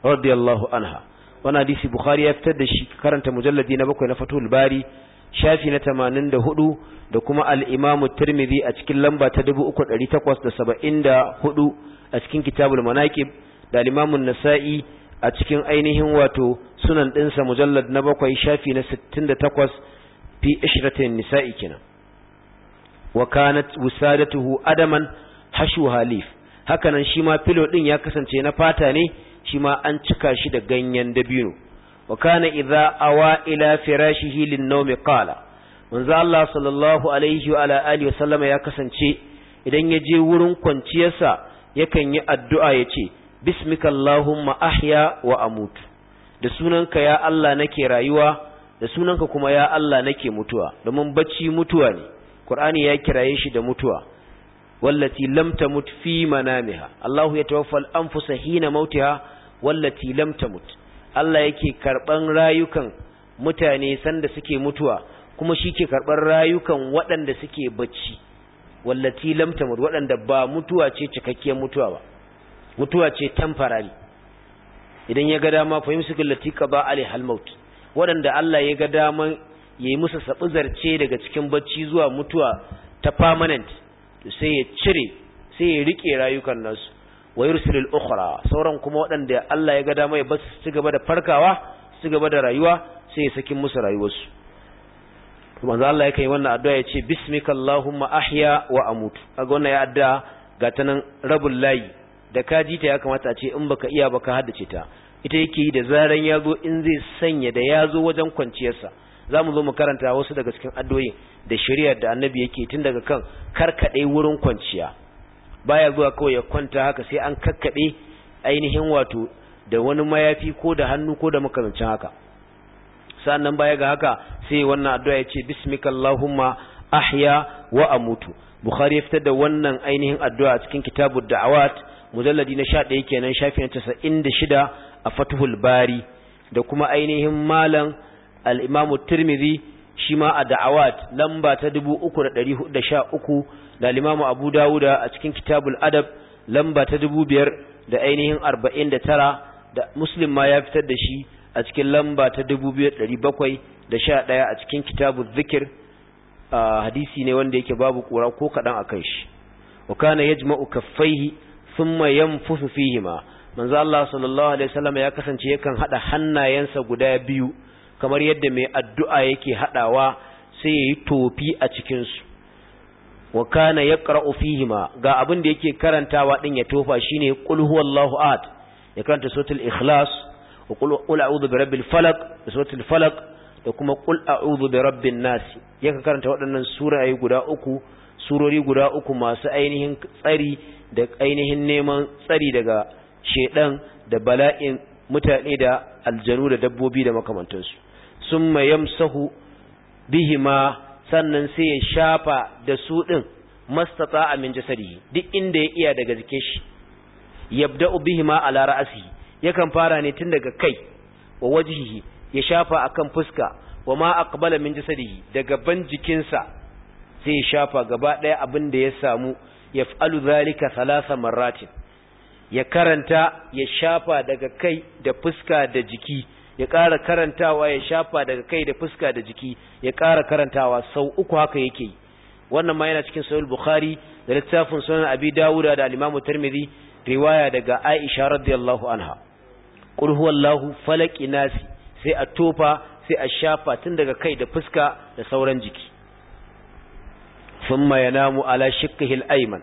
radiyallahu anha wannan hadisi Bukhari ya fitar da shi karanta mujalladi na bakwai na Fathul Bari shafi na 84 da kuma al-Imam Tirmidhi a cikin lamba ta 3874 a cikin Kitabul Manaqib da al-Imam An-Nasa'i a cikin ainihin wato sunan dinsa mujallad na bakwai shafi na 68 fi ishratin nisa'i kenan wa kanat wusadatuhu adaman hashu halif hakanan shi ma filo din ya kasance na fata ne shi ma an cika shi da ganyen dabino wa kana idza awa ila firashihi lin-nawmi qala manzo Allah sallallahu alaihi wa ala alihi wasallama ya kasance idan ya je wurin kwanciyarsa yakan yi addu'a ya ce bismika Allahumma ahya wa amut da sunanka ya Allah nake rayuwa da sunanka kuma ya Allah nake mutuwa domin bacci mutuwa ne Qur'ani ya kiraye shi da mutuwa wallati lam tamut fi manamiha Allahu ya al-anfusa hina mautiha wallati lam tamut Allah yake karban rayukan mutane sanda suke mutuwa kuma shi ke karban rayukan waɗanda suke bacci wallati lam tamut waɗanda ba mutuwa ce cikakkiyar mutuwa ba mutuwa ce temporary idan ya ga dama fa yumsiku allati qaba al-maut waɗanda Allah ya ga dama. yayi musu sabu zarce daga cikin bacci zuwa mutuwa ta permanent sai ya cire sai ya rike rayukan nasu wa yursilul ukhra sauran kuma waɗanda Allah ya ga dama ya basu su gaba da farkawa su gaba da rayuwa sai ya sakin musu rayuwarsu to manzo Allah yake wannan addu'a yace bismikallahumma ahya wa amut kaga wannan ya addu'a ga nan rabul layi da ka ji ta ya kamata a ce in baka iya baka haddace ta ita yake yi da zaran yazo in zai sanya da yazo zo wajen kwanciyarsa za mu zo mu karanta wasu daga cikin addoyin da shari'ar da annabi yake tun daga kan karkade wurin kwanciya baya zuwa kawai ya kwanta haka sai an kakkaɓe ainihin wato da wani mayafi ko da hannu ko da makamancin haka sannan baya ga haka sai wannan addu'a ya ce bismikallahumma ahya wa amutu bukhari ya fitar da wannan ainihin addu'a a cikin kitabud da'awat mujalladi na 11 kenan shafi na 96 a fatuhul bari da kuma ainihin malam al-Imam Tirmidhi shi ma a da'awat lamba ta 3413 da al-Imam Abu Dawuda a cikin Kitabul Adab lamba ta 5000 da ainihin 49 da Muslim ma ya fitar da shi a cikin lamba ta 2711 a cikin Kitabul Zikr hadisi ne wanda yake babu kura ko kaɗan a kan shi wa kana yajma'u sun mayan yanfusu fihima manzo Allah sallallahu alaihi wasallam ya kasance yakan haɗa hannayensa guda biyu kamar yadda mai addu'a yake haɗawa sai ya yi tofi a cikinsu wa kana ya ƙara'u fihima ga abin da yake karantawa ɗin ya tofa shi ne ƙulhu Allahu ad ya karanta sautul ikhlas da ƙul da bi falak da sautul falak da kuma ƙul da Rabi'n nasi ya karanta waɗannan surayi guda uku surori guda uku masu ainihin tsari da ainihin neman tsari daga shedan da bala'in mutane da aljanu da dabbobi da makamantansu summa yamsahu bihima sannan sai ya shafa da su din a min jasadihi duk inda ya iya daga jike shi yabda'u bihima ala ra'sihi yakan fara ne tun daga kai wa wajhihi ya shafa akan fuska wa ma aqbala min jasadihi daga ban jikinsa sai ya shafa gaba ɗaya abin da ya samu yaf'alu zalika thalatha marratin ya karanta ya shafa daga kai da fuska da jiki ya ƙara karantawa ya shafa daga kai da fuska da jiki ya ƙara karantawa sau uku haka yake yi wannan ma yana cikin sahih bukhari da littafin sunan abi dawuda da al-imamu tirmidhi riwaya daga aisha radiyallahu anha qul huwallahu falaq nasi sai a tofa sai a shafa tun daga kai da fuska da sauran jiki thumma yanamu ala shikkihi al-ayman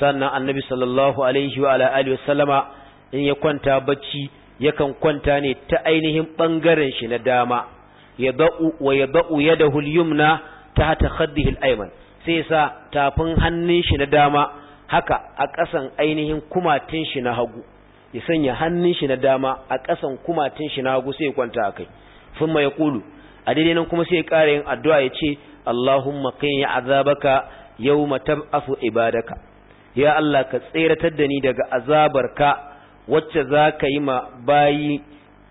sannan annabi sallallahu alaihi wa ala alihi wasallama in ya kwanta bacci yakan kwanta ne ta ainihin ɓangaren shi na dama ya ba'u wa ya ba'u yadahu al-yumna ta khaddihi al-ayman sai sa tafin hannun shi na dama haka a ƙasan ainihin kumatin shi na hagu ya sanya hannun shi na dama a ƙasan kumatin shi na hagu sai ya kwanta akai ya Kulu. a daidai nan kuma sai ya ƙara yin addu'a ya ce Allahumma ya azabaka yawma tab'asu ibadaka ya Allah ka tseratar da ni daga azabarka wacce za ka yi ma bayi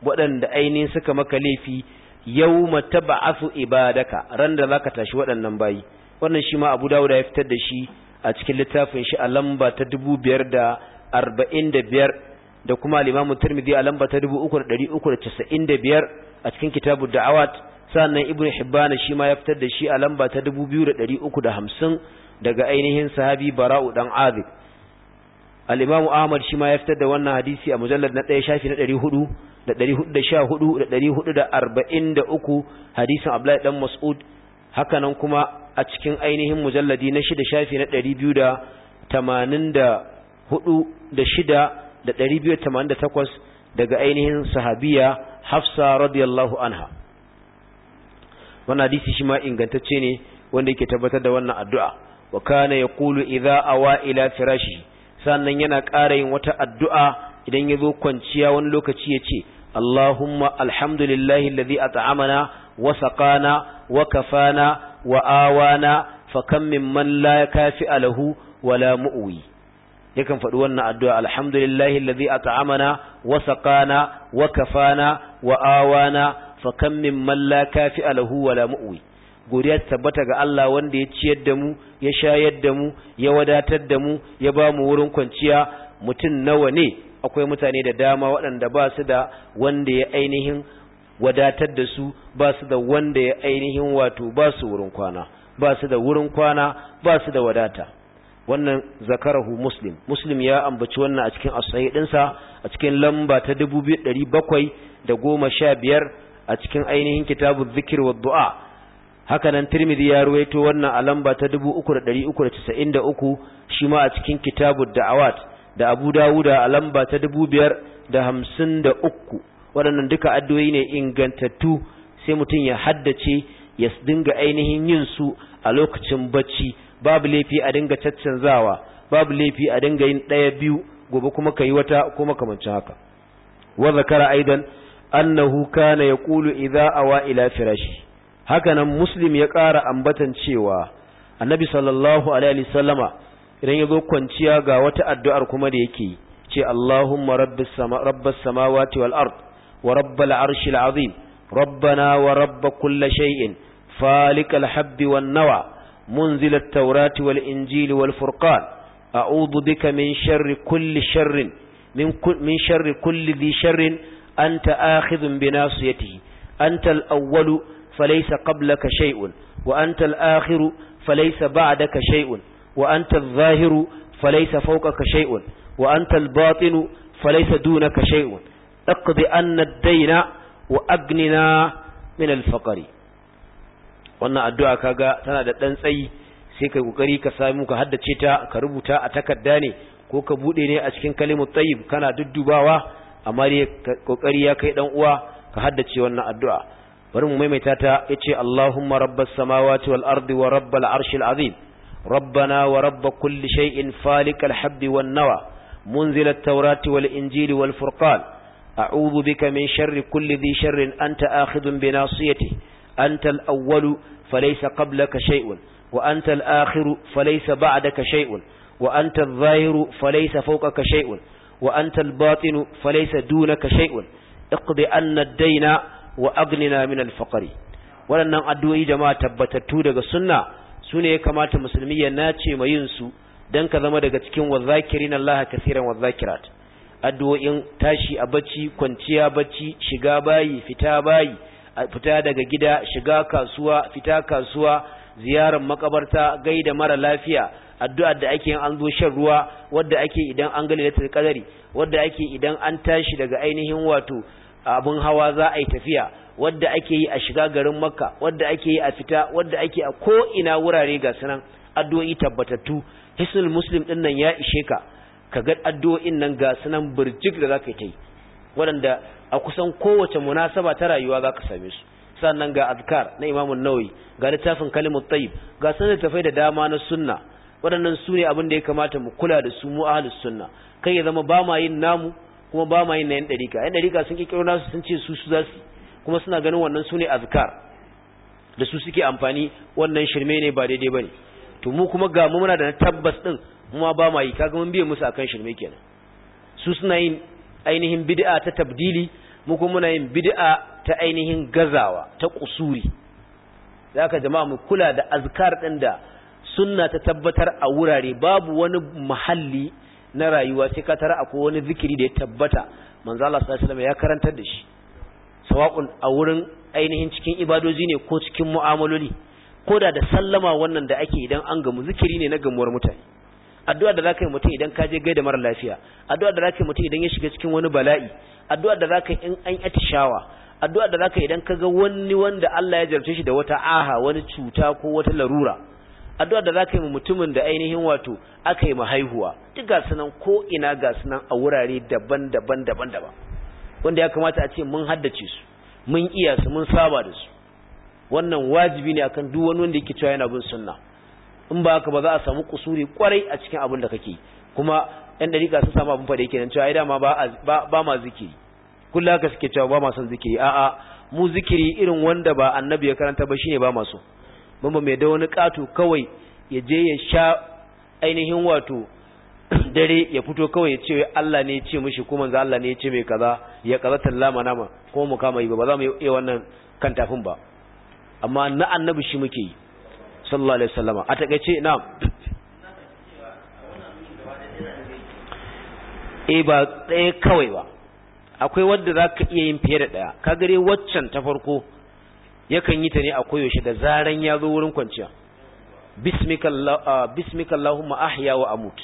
waɗanda ainihin suka maka laifi yau mata ba'asu ibadaka ran da za ka tashi waɗannan bayi wannan shi ma abu dawuda ya fitar da shi a cikin littafin shi a lamba ta dubu biyar da arba'in da biyar da kuma alimamu turmidi a lamba ta dubu uku da ɗari uku da casa'in da biyar a cikin kitabu da'awat sannan ibn hibbana shi ma ya fitar da shi a lamba ta dubu biyu da ɗari uku da hamsin daga ainihin sahabi bara'u dan azib al ahmad shi ma ya fitar da wannan hadisi a mujallar na ɗaya shafi na 400 da 414 da 443 hadisin abdullahi dan mas'ud haka nan kuma a cikin ainihin mujalladi na shida shafi na ɗari biyu da tamanin da hudu da shida da ɗari biyu da tamanin da takwas daga ainihin sahabiya hafsa radiyallahu anha wannan hadisi shi ma ingantacce ne wanda yake tabbatar da wannan addu'a wa kana kulu idza awa ila firashi sannan yana ƙara yin wata addu'a idan ya zo kwanciya wani lokaci ya ce Allahumma alhamdulillahi alladhi at'amana wa saqana wa kafana wa awana fa kam man la kafi alahu wala mu'wi yakan faɗi wannan addu'a alhamdulillahi alladhi at'amana wa saqana wa kafana wa awana fa kam man la kafi alahu wala mu'wi godiya tabbata ga Allah wanda ya ciyar da mu ya shayar da mu ya wadatar da mu ya ba mu wurin kwanciya mutum nawa ne akwai mutane da dama waɗanda ba su da wanda ya ainihin wadatar da su ba su da wanda ya ainihin wato ba su wurin kwana ba su da wurin kwana ba su da wadata wannan zakarahu muslim muslim ya ambaci wannan a cikin asahi ɗinsa a cikin lamba ta dubu biyu dari bakwai da goma sha biyar a cikin ainihin kitabu zikir wa du'a haka nan tirmidhi ya ruwaito wannan a lamba ta 3393 shi ma a cikin kitabud da'awat da abu dawuda a lamba ta 553 waɗannan duka addu'o'i ne ingantattu sai mutum ya haddace ya dinga ainihin yin su a lokacin bacci babu laifi a dinga caccanzawa babu laifi a dinga yin ɗaya biyu gobe kuma ka wata kuma kamancin haka wa zakara aidan annahu kana yaqulu idza awa ila firashi hakanan muslim ya ƙara ambatan cewa annabi sallallahu alaihi sallama idan ya zo kwanciya ga wata addu'ar kuma da yake ce Allahumma rabbas samawati wal ard wa rabbal arshil azim rabbana wa rabb kulli shay'in falikal habbi wan nawa munzil taurati wal injili wal furqan a'udhu bika min sharri kulli sharrin min min sharri kulli dhi sharrin anta akhidhun bi nasiyatihi anta al-awwalu فليس قبلك شيء وأنت الآخر فليس بعدك شيء وأنت الظاهر فليس فوقك شيء وأنت الباطن فليس دونك شيء اقض أن الدين وأقننا من الفقر wannan addu'a kaga tana da ɗan tsayi sai kai kokari ka samu ka haddace ta ka rubuta a takarda ne ko ka buɗe ne a cikin kalimar tayyib kana duddubawa amma ya kai ɗan uwa ka haddace wannan addu'a bari mu maimaita ta yace Allahumma rabbas samawati wal ardi wa rabbal arshil azim ربنا ورب كل شيء فالق الحب والنوى منزل التوراة والإنجيل والفرقان أعوذ بك من شر كل ذي شر أنت آخذ بناصيته أنت الأول فليس قبلك شيء وأنت الآخر فليس بعدك شيء وأنت الظاهر فليس فوقك شيء وأنت الباطن فليس دونك شيء اقض أن الدين wa agnina min al-faqri waɗannan addu'o'i jama'a tabbatattu daga sunna sune ya kamata musulmi ya nace mai yin su dan ka zama daga cikin wazakirin Allah kaseeran wazakirat addu'o'in tashi a bacci kwanciya bacci shiga bayi fita bayi fita daga gida shiga kasuwa fita kasuwa ziyarar makabarta gaida mara lafiya addu'ar da ake an zo shan ruwa wadda ake idan an ga lailatul qadari wadda ake idan an tashi daga ainihin wato abin hawa za a yi tafiya wadda ake yi a shiga garin makka wadda ake yi a fita wadda ake a ko ina wurare ga sunan addu'o'i tabbatattu hisnul muslim din nan ya ishe ka ga addu'o'in nan ga sunan burjik da zakai yi waɗanda a kusan kowace munasaba ta rayuwa zaka same su sannan ga azkar na Imam nawawi ga littafin kalimut tayyib ga sunan tafai da dama na sunna waɗannan sune ne abin da ya kamata mu kula da su mu ahlus sunna kai ya zama ba ma yin namu kuma ba ma yin na yan ɗarika yan ɗarika sun ƙirƙiro nasu sun ce su su za kuma suna ganin wannan su ne azkar da su suke amfani wannan shirme ne ba daidai ba ne to mu kuma ga mu muna da na tabbas ɗin kuma ba ma yi kaga mun biye musu akan shirme kenan su suna yin ainihin bid'a ta tabdili mu kuma muna yin bid'a ta ainihin gazawa ta kusuri zaka jama'a mu kula da azkar ɗin da sunna ta tabbatar a wurare babu wani muhalli. na rayuwa sai ka tara akwai wani zikiri da ya tabbata manzo Allah sallallahu alaihi wasallam ya karantar da shi sawaqun a wurin ainihin cikin ibadoji ne ko cikin mu'amaloli ko da da sallama wannan da ake idan an gamu zikiri ne na gamuwar mutane addu'a da zaka yi mutum idan ka je gaida mara lafiya addu'a da zaka yi mutum idan ya shiga cikin wani bala'i addu'a da zaka yi in an atishawa addu'a da zaka yi idan ka ga wani wanda Allah ya jarce shi da wata aha wani cuta ko wata larura addu'a da zaka yi mutumin da ainihin wato aka yi mahaihuwa duk ga sunan ko ina ga sunan a wurare daban-daban daban-daban wanda ya kamata a ce mun haddace su mun iya su mun saba da su wannan wajibi ne akan duk wani wanda yake cewa yana bin sunna in ba haka ba za a samu kusuri kwarai a cikin abin da kake kuma ɗan dariƙa sun samu abin fada yake nan cewa ai dama ba ba ma zikiri kullum haka suke cewa ba ma son zikiri a'a mu zikiri irin wanda ba annabi ya karanta ba shine ba ma so bamba mai da wani kato kawai ya je ya sha ainihin wato dare ya fito kawai ya ce Allah ne ya ce mishi ko manzo Allah ne ya ce mai kaza ya kaza tallama nama ko mu kama yi ba za mu yi wannan kan tafin ba amma na annabi shi muke yi sallallahu alaihi wasallama a takeice na e eh, ba tsaye kawai ba akwai wanda zaka iya yin fiye da ɗaya ka gare waccan ta farko yakan yi ta ne a koyaushe da zaren ya zo wurin kwanciya bismika Allahumma ahya wa amut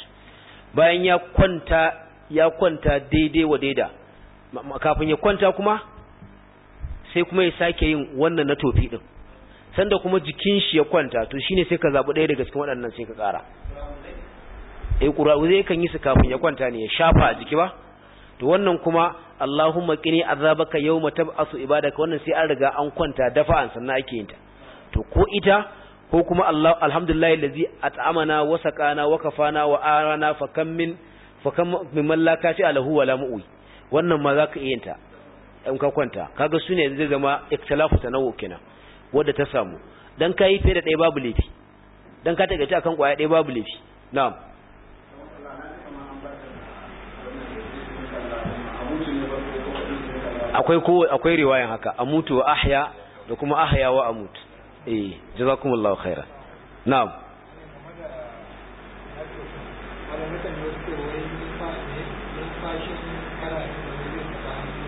bayan ya kwanta ya kwanta daidai wa daida kafin ya kwanta kuma sai kuma ya sake yin wannan na tofi din sanda kuma jikin shi ya kwanta to shine sai ka zabi ɗaya daga cikin waɗannan sai ka ƙara eh ƙura zai kan yi su kafin ya kwanta ne ya shafa a jiki ba to wannan kuma Allahumma qini azabaka yawma tab'asu ibadaka wannan sai an riga an kwanta dafa an sannan ake yin ta to ko ita ko kuma Allah alhamdulillah allazi at'amana wa saqana wa kafana wa arana fa kam min fa kam min mallaka shi alahu wala mu'i wannan ma zaka iya yin ta in ka kwanta kaga sune yanzu zai zama ikhtilafu tanawwu kenan wanda ta samu dan kai fiye da ɗaya babu laifi dan ka take akan kwaya ɗaya babu laifi na'am akwai ko akwai riwayan haka amutu wa ahya da kuma ahya wa amut eh jazakumullahu khaira na'am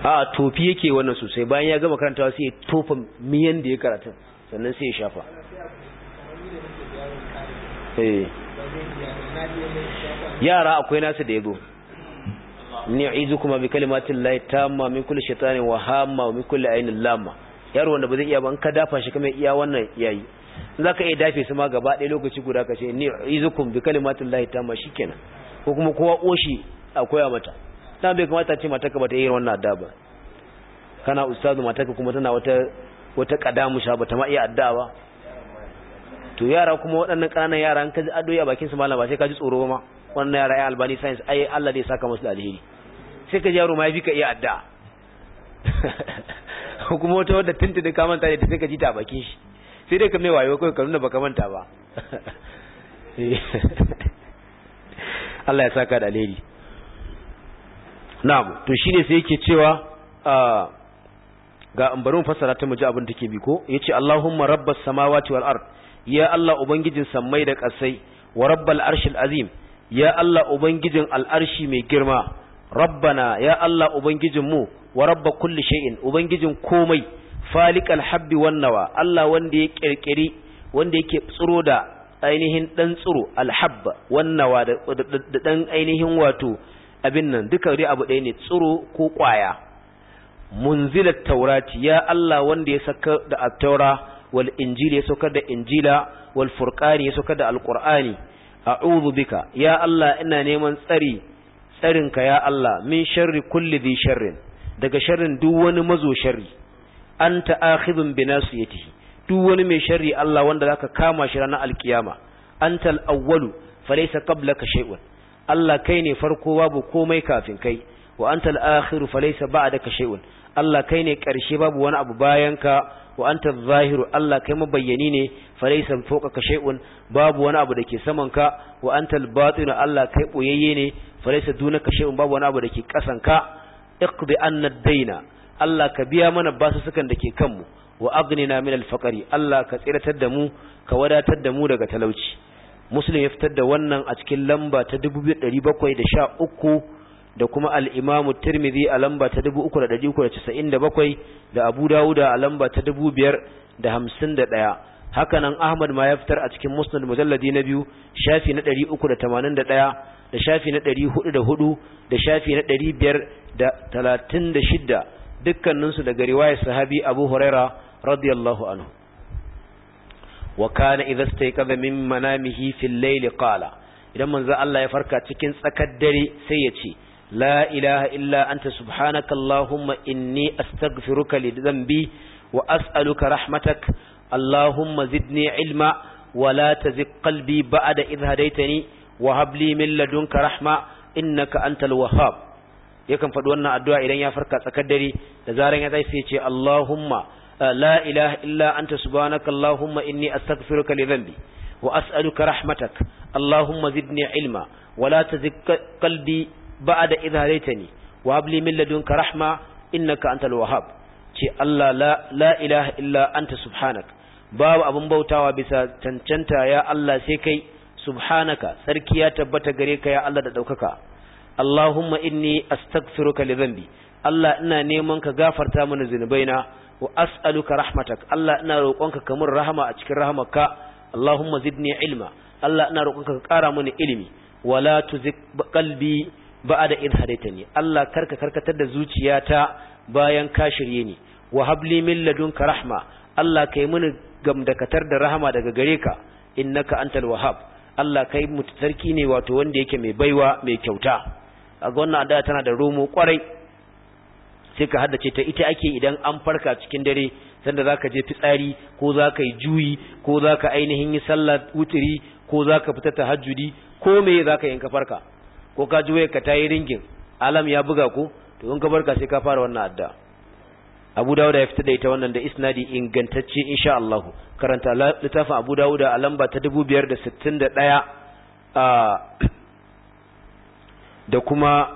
a tofi yake wannan sosai bayan ya gama karanta sai ya tofa miyan da ya karatu sannan sai ya shafa eh. yara akwai nasu da ya inni a'izukuma bi kalimatin lahi tamma min kulli shaytanin wa hamma wa min kulli ainin lamma yaro wanda ba zai iya ba in ka dafa shi kamar iya wannan yayi zaka iya dafe su ma gaba ɗaya lokaci guda ka ce inni bi kalimatin lahi tamma shikenan ko kuma kowa oshi a koya mata dan bai kamata ce mata ka bata yi wannan addaba ba kana ustazu mata ka kuma tana wata wata kadamusha bata ma iya adda ba to yara kuma waɗannan ƙananan yara an kaji adoyi a bakin su malam ba sai ji tsoro ba ma wannan yara ya albani science ai Allah dai saka musu da alheri sai ka yaro ma ya fi ka iya adda hukuma wata wadda tuntuni ka manta da sai ka ji ta bakin shi sai dai ka mai wayo kawai ka nuna baka manta ba Allah ya saka da alheri na'am to shine sai yake cewa ga ambarin fasara ta muji abin take bi ko yace Allahumma rabbas samawati wal ard ya Allah ubangijin sammai da kasai wa rabbal arshil azim ya Allah ubangijin al'arshi mai girma rabbana ya Allah ubangijinmu wa rabba kulli shay'in ubangijin komai falikal habbi wannawa Allah wanda ya ƙirƙiri wanda yake tsiro da ainihin ɗan tsiro alhabba wannawa da ɗan ainihin wato abin nan duka dai abu ɗaya ne tsiro ko ƙwaya munzilat taurati ya Allah wanda ya saka da attaura wal injili ya saukar da injila wal furqani ya saukar da alqur'ani a'udhu bika ya Allah ina neman tsari tsarinka ya Allah min sharri kulli dhi sharrin daga sharrin duk wani mazo sharri anta binasu bi nasiyatihi duk wani mai sharri Allah wanda zaka kama shi ranar alkiyama antal awwalu falaysa qablaka shay'un Allah kai ne farko babu komai kafin kai wa antal akhiru falaysa ba'daka shay'un Allah kai ne karshe babu wani abu bayan ka wa anta zahiru Allah kai mabayyani ne falaysa fawqaka shay'un babu wani abu dake saman ka wa antal batinu Allah kai boyayye ne falaysa dunaka shay'un babu wani abu dake kasanka iqdi anna daina Allah ka biya mana basussukan dake kanmu wa aghnina min al Allah ka tsiratar da mu ka wadatar da mu daga talauci muslim ya fitar da wannan a cikin lamba ta 2713 da kuma al-imam tirmidhi a lamba ta 3397 da abu dauda a lamba ta 2551 hakanan ahmad ma ya fitar a cikin musnad mujalladi na biyu shafi na 381 da shafi na 404 da shafi na 536 dukkaninsu daga riwayar sahabi Abu Huraira radiyallahu anhu wa kana idza istayqadha min manamihi fil layl qala idan manzo Allah ya farka cikin tsakar dare sai ya ce la ilaha illa anta subhanaka allahumma inni astaghfiruka li dhanbi wa as'aluka rahmatak allahumma zidni ilma wa la tazigh qalbi ba'da idh hadaytani wa habli min ladunka rahma innaka antal wahhab yakan faɗi wannan addu'a idan ya farka tsakar dare da zaran ya tashi ya ce Allahumma la ilaha illa anta subhanaka Allahumma inni astaghfiruka li dhanbi wa as'aluka rahmatak Allahumma zidni ilma wa la tazigh qalbi ba'da idh hadaytani wa habli min ladunka rahma innaka antal wahhab ce Allah la la ilaha illa anta subhanaka babu abun bautawa bisa cancanta ya Allah sai kai subhanaka sarki ya tabbata gare ka ya Allah da ɗaukaka. Allahumma inni astaghfiruka li dhanbi Allah ina neman ka gafarta mana zunubaina wa as'aluka rahmatak Allah ina roƙonka ka mun rahama a cikin rahamarka Allahumma zidni ilma Allah ina roƙonka ka ƙara mana ilimi wala tuzik qalbi ba'da idh hadaitani Allah karka karkatar da zuciyata bayan ka shirye ni wa habli min ladunka rahma Allah kai mini gamdakatar da rahama daga gare ka innaka antal wahhab Allah kai mutu sarki ne wato wanda yake mai baiwa mai kyauta ga wannan addu'a tana da romo kwarai sai ka haddace ta ita ake idan an farka cikin dare sanda zaka je fitsari ko zaka yi juyi ko zaka ainihin yi sallar wutiri ko zaka fita tahajjudi ko me zaka yi in ka farka ko ka ji ka tayi yi ringin alam ya buga ko to in ka farka sai ka fara wannan addu'a abu dawud ya fitar da ita wannan da isnadi ingantacce insha Allah karanta littafin abu dawud a lamba ta 561 da kuma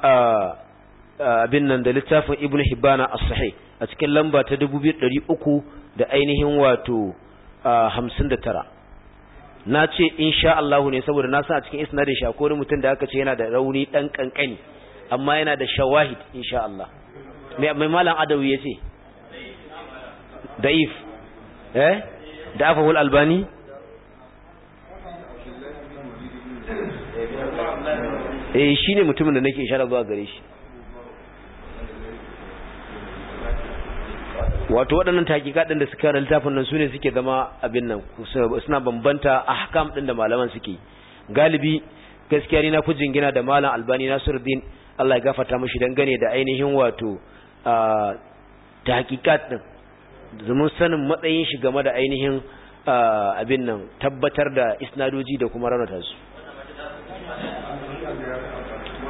abin nan da littafin ibn hibana as-sahih a cikin lamba ta 2300 da ainihin wato 59 na ce insha Allah ne saboda na san a cikin isnadin shi akwai mutum da aka ce yana da rauni dan kankani amma yana da shawahid insha Allah mai malam adawi yace ضعيف eh ضعفه الالباني albani eh shine mutumin da nake ishara zuwa gare shi wato waɗannan taƙiƙa ɗin da suka da littafin nan sune suke zama abin nan suna bambanta ahkam ɗin da malaman suke galibi gaskiya ni na fi jingina da malam albani nasiruddin allah ya gafata mashi dangane da ainihin wato ah, taƙiƙa ɗin zumun sanin matsayin shi game da ainihin abin nan tabbatar da isnadoji da kuma raunata su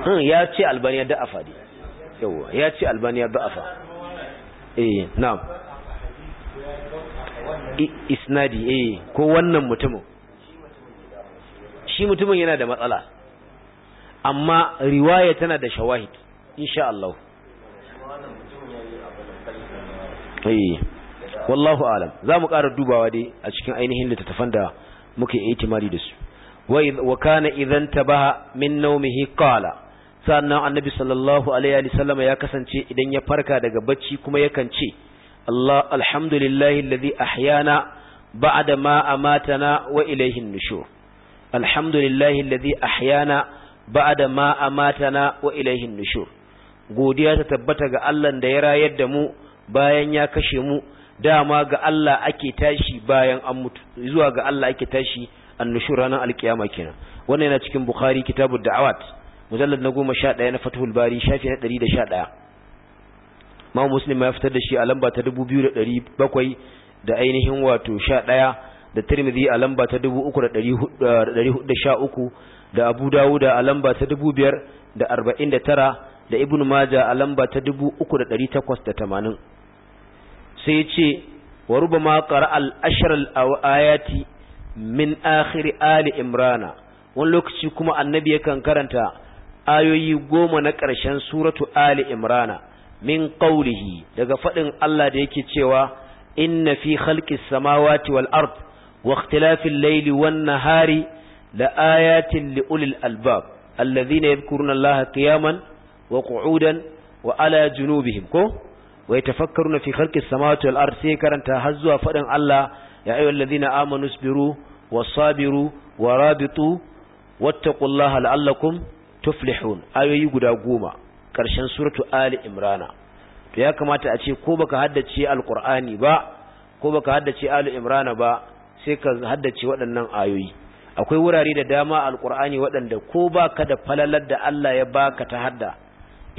hmm, ya ce albaniya da 'afa ne ya ce albaniya da 'afa. eh na'am isnadi eh ko wannan mutumin shi mutumin yana da matsala amma riwaya tana da shawahid insha Allah eh wallahu alam za mu ƙara dubawa dai a cikin ainihin littattafan da muke itimadi da su wa kana idan ta tabaha min nawmihi qala sannan annabi sallallahu alaihi wa sallam ya kasance idan ya farka daga bacci kuma yakan ce Allah alhamdulillahi alladhi ahyana ba'da ma amatana wa ilayhi an-nushur alhamdulillahi alladhi ahyana ba'da ma amatana wa ilayhi an godiya ta tabbata ga Allah da ya rayar da mu bayan ya kashe mu dama ga Allah ake tashi bayan an mutu zuwa ga Allah ake tashi annushur ranar alkiyama kenan wannan yana cikin bukhari kitabud da'awat mujallad na 11 na fathul bari shafi na 111 ma muslim ya fitar da shi a lamba ta 2700 da ainihin wato 11 da tirmidhi a lamba ta 3413 da abu dawuda a lamba ta biyar da ibnu majah a lamba ta 3880 sai ce wa ruba qara al ashral ayati min akhiri ali imrana wani lokaci kuma annabi yakan karanta ayoyi goma na ƙarshen suratu ali imrana min ƙaurihi daga faɗin Allah da yake cewa inna fi khalki samawati wal ard wa ikhtilafil layli wan nahari la ayatin li ulil albab allazina yadhkuruna allaha qiyaman wa qu'udan wa ala junubihim ko wa yatafakkaruna fi khalqis samawati wal ardi sai karanta har zuwa fadin Allah ya ayyuhal ladina amanu isbiru wasabiru warabitu wattaqullaha la'allakum tuflihun ayoyi guda goma karshen suratu ali imrana to ya kamata a ce ko baka haddace alqur'ani ba ko baka haddace ali imrana ba sai ka haddace waɗannan ayoyi akwai wurare da dama alqur'ani waɗanda ko baka da falalar da Allah ya baka ta hadda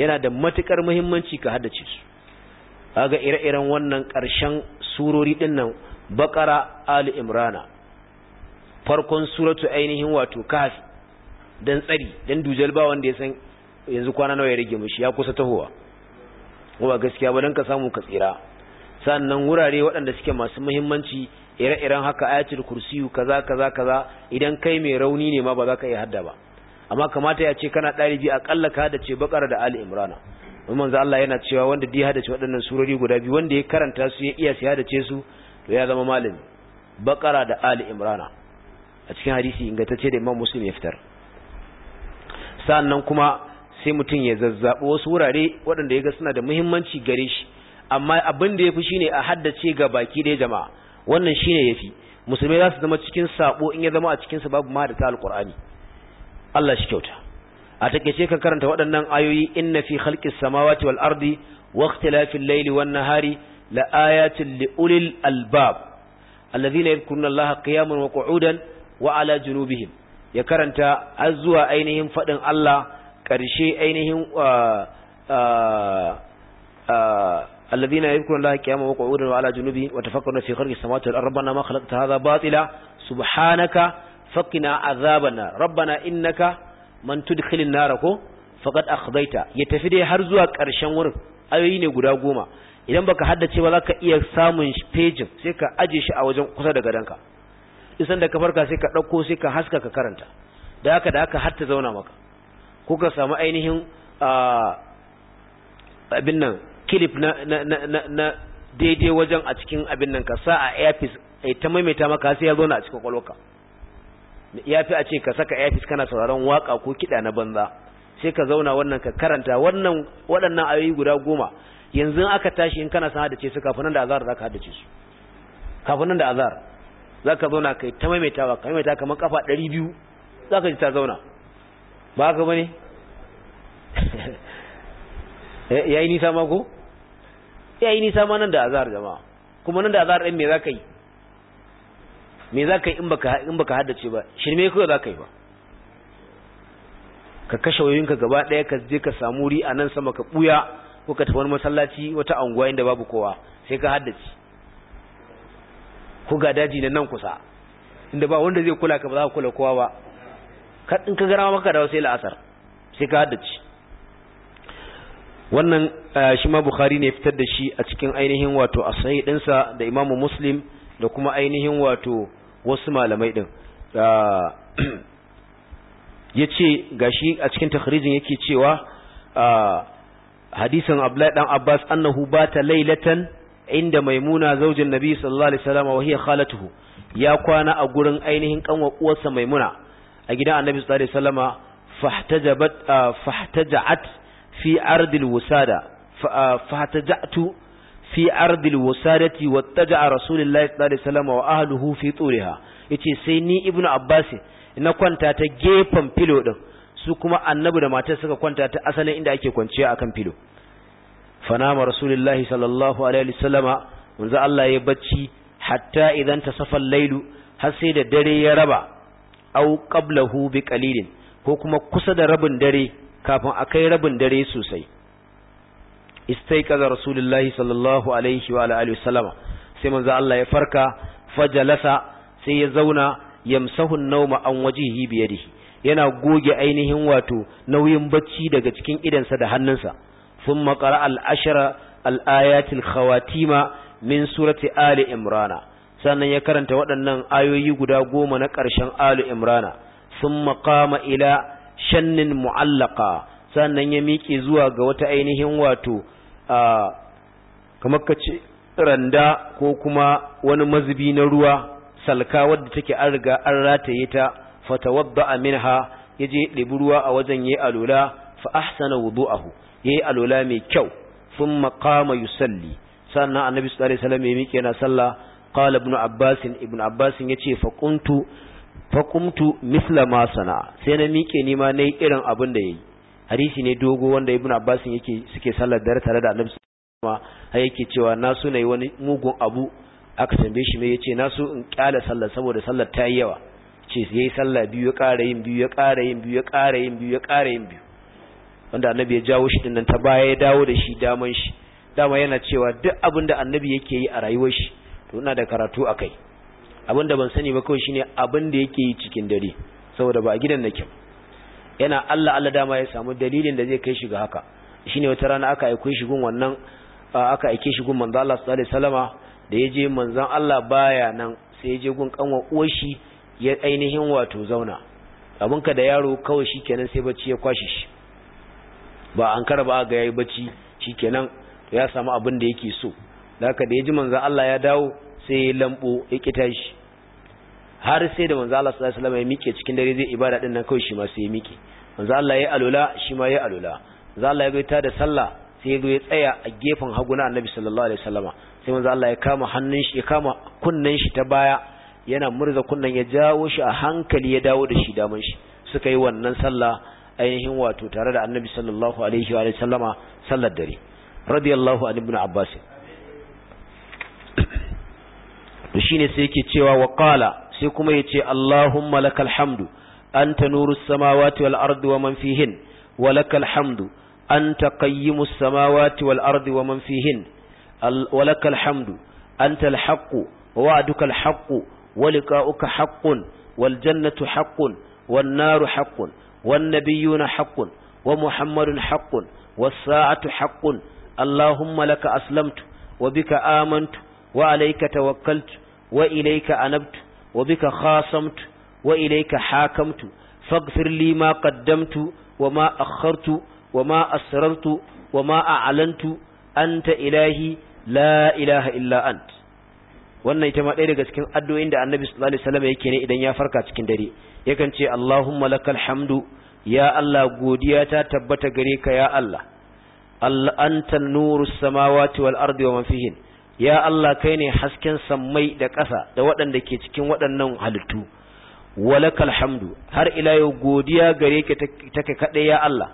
yana da matukar muhimmanci ka haddace su Aga ire-iren wannan ƙarshen surori ɗin nan bakara ali imrana farkon suratu ainihin wato kafi don tsari don dujal ba wanda ya san yanzu kwana nawa ya rage mashi ya kusa tahowa ba gaskiya ba don ka samu ka tsira sannan wurare waɗanda suke masu muhimmanci ire-iren haka ayatul kursiyu kaza kaza kaza idan kai mai rauni ne ma ba za ka iya hadda ba amma kamata ya ce kana ɗalibi ƙalla ka da ce bakara da ali imrana umman za Allah yana cewa wanda da ya waɗannan surori guda biyu wanda ya karanta su ya iya su ya ce su to ya zama malami bakara da ali imrana a cikin hadisi ingantacce da imam muslim ya fitar sannan kuma sai mutum ya zazzabi wasu wurare waɗanda ya ga suna da muhimmanci gare shi amma abin da ya fi shine a haddace ga baki da jama'a wannan shine yafi musulmai za su zama cikin saɓo in ya zama a cikin babu ma da ta alqur'ani Allah shi kyauta a takeice ka karanta waɗannan ayoyi inna fi khalqis samawati wal ardi wa ikhtilafil layli wan nahari la ayatin li ulil albab alladhina yadhkuruna allaha qiyaman wa qu'udan wa ala junubihim ya karanta har ainihin faɗin Allah ƙarshe ainihin ah, ah, ah, alladhina yadhkuruna allaha qiyaman wa qu'udan wa ala junubihim wa tafakkaruna fi khalqis samawati wal ardi rabbana ma khalaqta hadha batila subhanaka faqina azabana rabbana innaka man tudkhilin nara ko faqad akhdaita ya tafi dai har zuwa ƙarshen wurin ayoyi ne guda goma idan baka haddace ba zaka iya samun pejin sai ka aje shi a wajen kusa da gadanka isan da ka farka sai ka dauko sai ka haska ka karanta da haka da haka har ta zauna maka ko ka samu ainihin abin nan clip na na na daidai wajen a cikin abin nan ka sa a earpiece ai ta maimaita maka sai ya zauna a cikin kwalwarka ya fi a ce ka saka airfis kana sauraron waka ko kiɗa na banza sai ka zauna wannan ka karanta wannan waɗannan ayoyi guda goma yanzu aka tashi in kana san ce su kafin nan da azar zaka hadace su kafin nan da azar zaka zauna kai ta maimaitawa ka maimaita kamar kafa 200 zaka ji ta zauna ba ka bane eh, yayi nisa ma ko yayi nisa ma nan da azar jama'a kuma nan da azar din me zaka yi me za ka yi in ba ka haddace ba shirme kawai za ka yi ba ka kashe wayoyinka gaba ɗaya ka je ka samu ri a nan sama ka ɓuya ko ka tafi wani masallaci wata anguwa inda babu kowa sai ka haddace ko ga daji na nan kusa inda ba wanda zai kula ka ba za ka kula kowa ba ka in ka gara maka dawo sai la'asar sai ka haddace wannan shi ma bukhari ne fitar da shi a cikin ainihin wato asahi ɗinsa da imamu muslim da kuma ainihin wato wasu malamai din ah, yace gashi a cikin takhrijin yake cewa ah, hadisan Abdullahi dan Abbas annahu bata lailatan inda Maimuna zaujin Nabi sallallahu alaihi wasallam wa hiya khalatuhu ya kwana a gurin ainihin kanwar uwarsa Maimuna a gidan Annabi sallallahu alaihi fahtajabat ah, fahtajat fi ardil wusada fahtajatu fi ardil wasadati wattaja rasulullahi sallallahu alaihi wa ahluhu fi turiha yace sai ni ibnu abbas na kwanta ta gefen filo din su kuma annabi da matar suka kwanta ta asalin inda ake kwanciya akan filo fanama rasulullahi sallallahu alaihi wasallama manzo Allah ya bacci hatta idan tasafa lailu har sai da dare ya raba au qablahu bi qalilin ko kuma kusa da rabin dare kafin akai rabin dare sosai istaiqaza rasulullahi sallallahu alaihi wa alihi sai manzo Allah ya farka fajalasa sai ya zauna yamsahu an-nawma an wajihi bi yadihi yana goge ainihin wato nauyin bacci daga cikin idansa da hannunsa thumma qara al-ashra al-ayatil khawatima min surati ali imrana sannan ya karanta waɗannan ayoyi guda goma na ƙarshen ali imrana sun qama ila shannin mu'allaka sannan ya miƙe zuwa ga wata ainihin wato a kamar ka ce randa ko kuma wani mazubi na ruwa salka wadda take an riga an rataye ta fatawadda minha yaje ya ɗebi ruwa a wajen yayi alula fa ahsana wudu'ahu yayi alula mai kyau thumma qama yusalli sannan annabi sallallahu alaihi wasallam ya miƙe yana sallah qala ibn abbas ibn abbas yace fa kuntu fa ma sana sai na miƙe nima nayi irin abin da yayi hadisi ne dogo wanda ibn abbas yake suke sallar dare tare da annabi kuma har yake cewa na so ne wani mugun abu aka tambaye shi me yace na so in kyala sallar saboda sallar ta yi yawa ce yayi sallah biyu ya ƙara yin biyu ya ƙara yin biyu ya ƙara yin biyu ya ƙara yin biyu wanda annabi ya jawo shi dinnan ta baya ya dawo da shi daman shi dama yana cewa duk abin da annabi yake yi a rayuwar shi to ina da karatu akai abin da ban sani ba kawai shine abin da yake yi cikin dare saboda ba a gidan nake ba yana Allah Allah dama ya samu dalilin da zai kai shi ga haka shine wata rana aka aike shi gun wannan aka aike shi gun manzo Allah sallallahu alaihi wasallama da yaje manzon Allah baya nan sai yaje gun kanwa uwar shi ya ainihin wato zauna ka da yaro kawai shikenan sai bacci ya kwashi shi ba an kar ba ga yayi bacci shikenan ya samu abin da yake so da haka da yaje manzon Allah ya dawo sai ya lambo ya kitashi har sai da manzo Allah sallallahu alaihi wasallam ya mike cikin dare zai ibada din nan kawai shi ma sai ya mike manzo Allah ya alula shi ma ya alula manzo Allah ya ga ta da sallah sai ya ga ya tsaya a gefen hagu na Annabi sallallahu alaihi wasallama sai manzo Allah ya kama hannun shi ya kama kunnen shi ta baya yana murza kunnen ya jawo shi a hankali ya dawo da shi daman shi suka yi wannan sallah ainihin wato tare da Annabi sallallahu alaihi wa sallama sallar dare radiyallahu an ibn Abbas to shine sai yake cewa wa qala sai kuma ya ce Allahumma lakal hamdu anta nuru samawati wal ardi wa man fihin wa lakal hamdu anta qayyimus samawati wal ardi wa man fihin wa lakal hamdu anta al haqqu wa wa'duka al haqqu wa liqa'uka haqqun wal jannatu haqqun wan naru haqqun wan nabiyyuna haqqun wa muhammadun haqqun was sa'atu haqqun Allahumma laka aslamtu wa bika amantu wa alayka tawakkaltu wa ilayka anabtu wa bika khasamtu wa ilayka hakamtu faghfir li ma qaddamtu wa ma akhartu wa ma asrartu wa ma a'lantu anta ilahi la ilaha illa wannan ita ma ɗaya daga cikin addu'o'in da annabi sallallahu alaihi wasallam yake ne idan ya farka cikin dare yakan ce allahumma lakal hamdu ya allah godiya ta tabbata gare ka ya allah allah antal nurus samawati wal ardi wa man fihin ya Allah kai ne hasken sammai da ƙasa da waɗanda ke cikin waɗannan halittu walakal hamdu har ila yau godiya gare ka take kaɗai ya Allah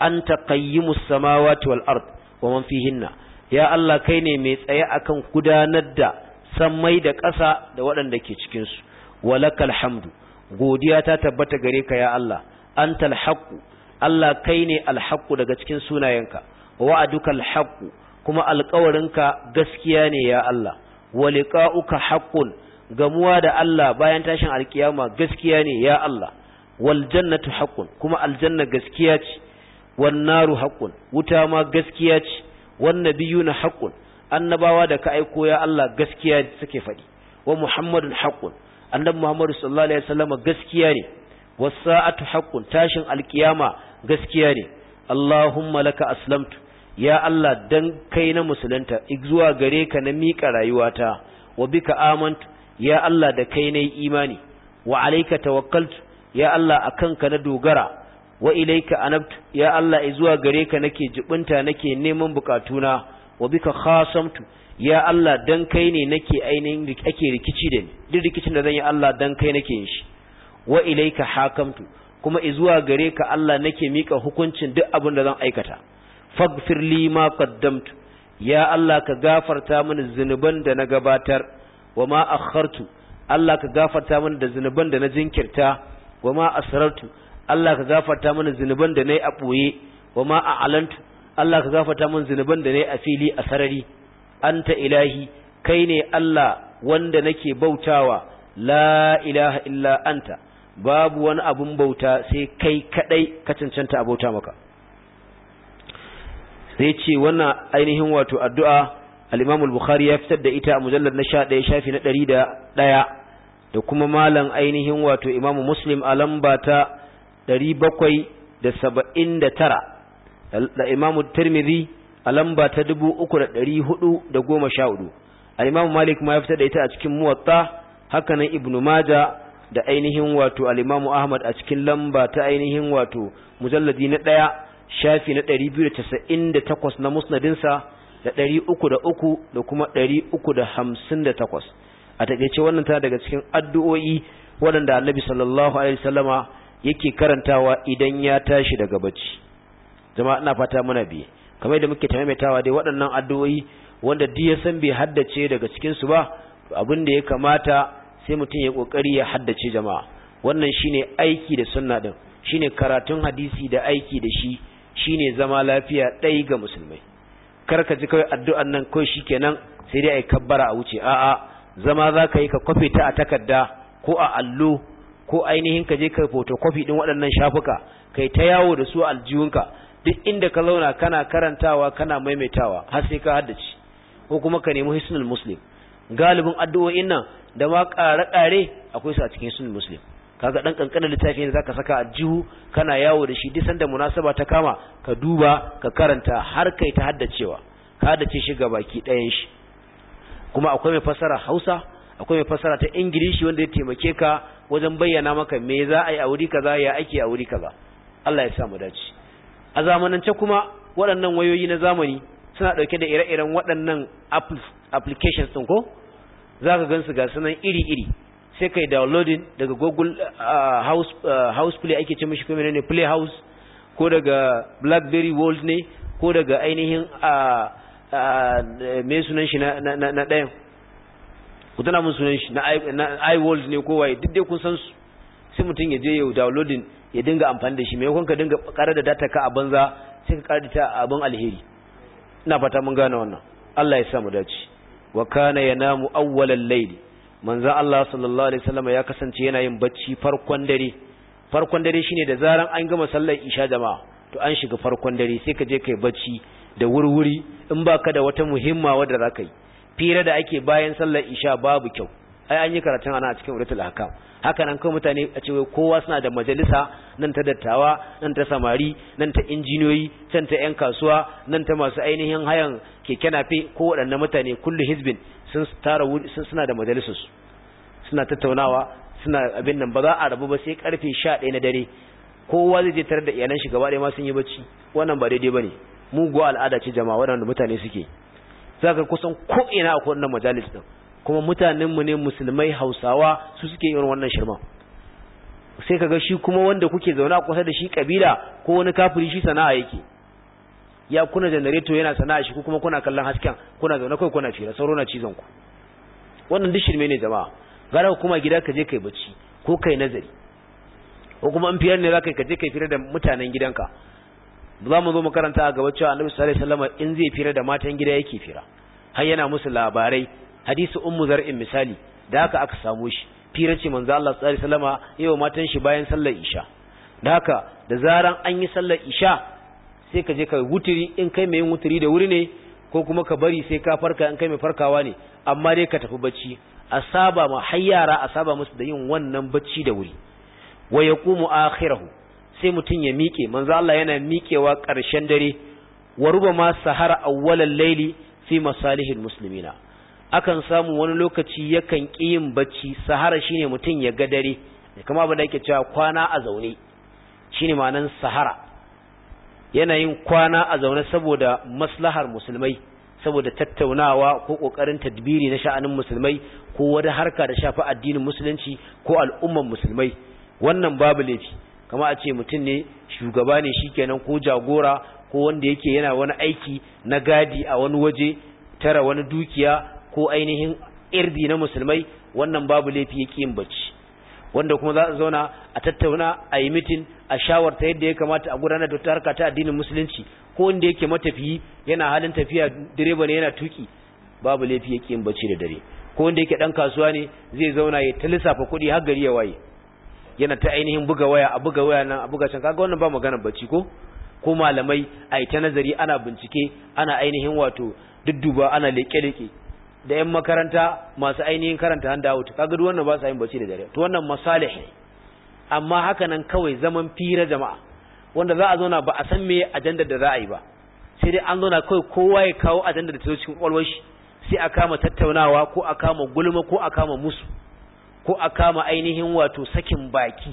anta qayyimus samawati wal ard wa man fihinna ya Allah kai ne mai tsaye akan gudanar da sammai da ƙasa da waɗanda ke cikinsu su walakal hamdu godiya ta tabbata gare ka ya Allah antal haqqu Allah kai ne alhaqqu daga cikin sunayenka wa'adukal haqqu kuma alkawarinka gaskiya ne ya Allah wa liqa'uka haqqun gamuwa da Allah bayan tashin alkiyama gaskiya ne ya Allah wal jannatu haqqun kuma aljanna gaskiya ce wan naru haqqun wuta ma gaskiya ce wan nabiyuna haqqun annabawa da ka aiko ya Allah gaskiya suke faɗi wa muhammadun haqqun annabi muhammadu sallallahu alaihi wasallam gaskiya ne was sa'atu haqqun tashin alkiyama gaskiya ne allahumma laka aslamtu ya Allah dan kai na musulunta zuwa gare ka na miƙa rayuwata wa bika amantu ya Allah da kai na imani wa alaika tawakkaltu ya Allah akan ka na dogara wa ilaika anabtu ya Allah zuwa gare ka nake jibinta nake neman bukatuna wa bika khasamtu ya Allah dan kai ne nake ainihin ake rikici da ni duk rikicin da zan yi Allah dan kai nake yin shi wa ilaika hakamtu kuma zuwa gare ka Allah nake mika hukuncin duk abin da zan aikata faghfir li ma qaddamtu ya Allah ka gafarta mini zunuban da na gabatar wa ma akhartu Allah ka gafarta mini da zunuban da na jinkirta wa ma asrartu Allah ka gafarta mini zunuban da nayi a boye wa ma a'lantu Allah ka gafarta mini zunuban da nayi a fili a sarari anta ilahi kai ne Allah wanda nake bautawa la ilaha illa anta babu wani abun bauta sai kai kadai ka cancanta abota maka sai ce wannan ainihin wato addu'a al-Imam al-Bukhari ya fitar da ita a mujallad na 11 shafi na 101 da kuma malam ainihin wato Imam Muslim a lamba ta bakwai da Imam Tirmidhi a lamba ta 3414 al-Imam Malik ma ya fitar da ita a cikin Muwatta haka nan Ibn Majah da ainihin wato al-Imam Ahmad a cikin lamba ta ainihin wato mujalladi na 1 shafi na 298 na musnadinsa da 303 da kuma 358 a takeice wannan tana daga cikin addu'o'i waɗanda annabi sallallahu alaihi wasallama yake karantawa idan ya tashi daga bacci Zama ina fata muna biye kamar da muke taimaitawa dai waɗannan addu'o'i wanda duk ya san bai haddace daga cikinsu ba abin da ya kamata sai mutum ya kokari ya haddace jama'a wannan shine aiki da sunna din shine karatun hadisi da aiki da shi shine zama lafiya ɗai ga musulmai kar ka ji kawai addu'an nan kawai shikenan sai dai ai kabbara a wuce a'a zama za ka yi ka kwafi ta a takarda ko a allo ko ainihin ka je ka kwafi ɗin waɗannan shafuka kai ta yawo da su aljihunka duk inda ka zauna kana karantawa kana maimaitawa har sai ka haddace ko kuma ka nemi hisnul muslim galibin addu'o'in nan da ma ƙare-ƙare akwai su a cikin sunan muslim kaga dan kankanin littafi ne zaka saka a jihu kana yawo da shi duk da munasaba ta kama ka duba ka karanta har kai ta haddacewa ka haddace shi ga baki ɗayan shi kuma akwai mai fassara Hausa akwai mai fassara ta Ingilishi wanda ya taimake ka wajen bayyana maka me za a yi a wuri kaza ya ake a wuri kaza Allah ya sa mu dace a zamanance kuma waɗannan wayoyi na zamani suna ɗauke da ire-iren waɗannan applications ɗin ko za ka gansu ga sunan iri-iri sai kai downloading daga google uh, house uh, house play ake ce mishi kuma ne play house ko daga blackberry world ne ko daga ainihin uh, me sunan shi na ɗayan ku tana mun sunan shi na iWorld ne ko waye duk dai kun san su sai mutum ya je ya downloading ya dinga amfani da shi mai kun ka dinga kare da data ka a banza sai ka kare ta abin alheri ina fata mun gane wannan Allah ya sa mu dace wa kana yanamu awwalal layli manzo Allah sallallahu alaihi wasallam ya kasance yana yin bacci farkon dare farkon dare shine da zaran an gama sallar isha jama'a to an shiga farkon dare sai ka je kai bacci da wurwuri in baka da wata muhimma wadda zaka yi fira da ake bayan sallar isha babu kyau ai an yi karatun ana a cikin uratul ahkam haka nan kai mutane a ce kowa suna da majalisa nan ta dattawa nan ta samari nan ta injiniyoyi can ta yan kasuwa nan ta masu ainihin hayan keke nafe ko waɗanne mutane kullu hizbin sun tara wuri suna da majalisus suna tattaunawa suna abin nan ba za a rabu ba sai karfe 11 na dare kowa zai je tare da iyalan shi gaba ɗaya ma sun yi bacci wannan ba daidai bane muguwa al'ada ce jama'a waɗanda mutane suke zaka kusan ko ina akwai wannan majalis din kuma mutanen mu ne musulmai Hausawa su suke irin wannan shirma sai kaga shi kuma wanda kuke zauna kusa da shi kabila ko wani kafiri shi sana'a yake ya kuna janareto yana sana'a shi ko kuma kuna kallon hasken kuna zaune kai kuna fira sauro na cizon ku wannan duk shirme ne jama'a gara kuma gida ka je kai bacci ko kai nazari ko kuma in fiyar ne za ka je kai fira da mutanen gidanka za mu zo mu karanta a gaba cewa annabi sallallahu alaihi wasallam in zai fira da matan gida yake fira har yana musu labarai hadisi ummu zar'in misali da haka aka samu shi fira ce manzo Allah sallallahu alaihi wasallam matan shi bayan sallar isha da haka da zaran an yi sallar isha sai ka je ka wuturi in kai mai yin wuturi da wuri ne ko kuma ka bari sai ka farka in kai mai farkawa ne amma dai ka tafi bacci a saba ma har a saba musu da yin wannan bacci da wuri wa yaqumu akhirahu sai mutum ya miƙe manzo Allah yana miƙewa ƙarshen dare wa ma sahara awwalal layli fi masalihil muslimina akan samu wani lokaci yakan ƙi yin bacci sahara shine mutum ya ga dare ya kuma abin da yake cewa kwana a zaune shine ma'anan sahara Yanayin kwana a zaune saboda maslahar musulmai saboda tattaunawa ko kokarin tadbiri na sha'anin musulmai ko wani harka da shafi addinin musulunci ko al'umman musulmai wannan babu laifi kama a ce mutum ne shugaba ne shi shikenan ko jagora ko wanda yake yana wani aiki na gadi a wani waje tara wani dukiya ko ainihin irdi na musulmai wannan babu laifi yake yin bacci wanda kuma za a zauna a tattauna a yi mitin a shawarta yadda ya kamata a gudanar da harka ta addinin musulunci ko wanda yake matafiyi yana halin tafiya direba ne yana tuki babu laifi yake yin bacci da dare ko wanda yake dan kasuwa ne zai zauna ya ta lissafa kuɗi har gari ya waye yana ta ainihin buga waya a buga waya nan a buga can kaga wannan ba maganar bacci ko ko malamai a yi ta nazari ana bincike ana ainihin wato dudduba ana leƙe-leƙe. da yan makaranta masu ainihin karanta handout kaga duk wannan ba sa yin bacci da dare to wannan masalih amma haka nan kawai zaman fira jama'a wanda za a zauna ba a san me ajandar da za a yi ba sai dai an zauna kawai kowa ya kawo ajandar da ta zo cikin kwalwar shi sai a kama tattaunawa ko a kama gulma ko a kama musu ko a kama ainihin wato sakin baki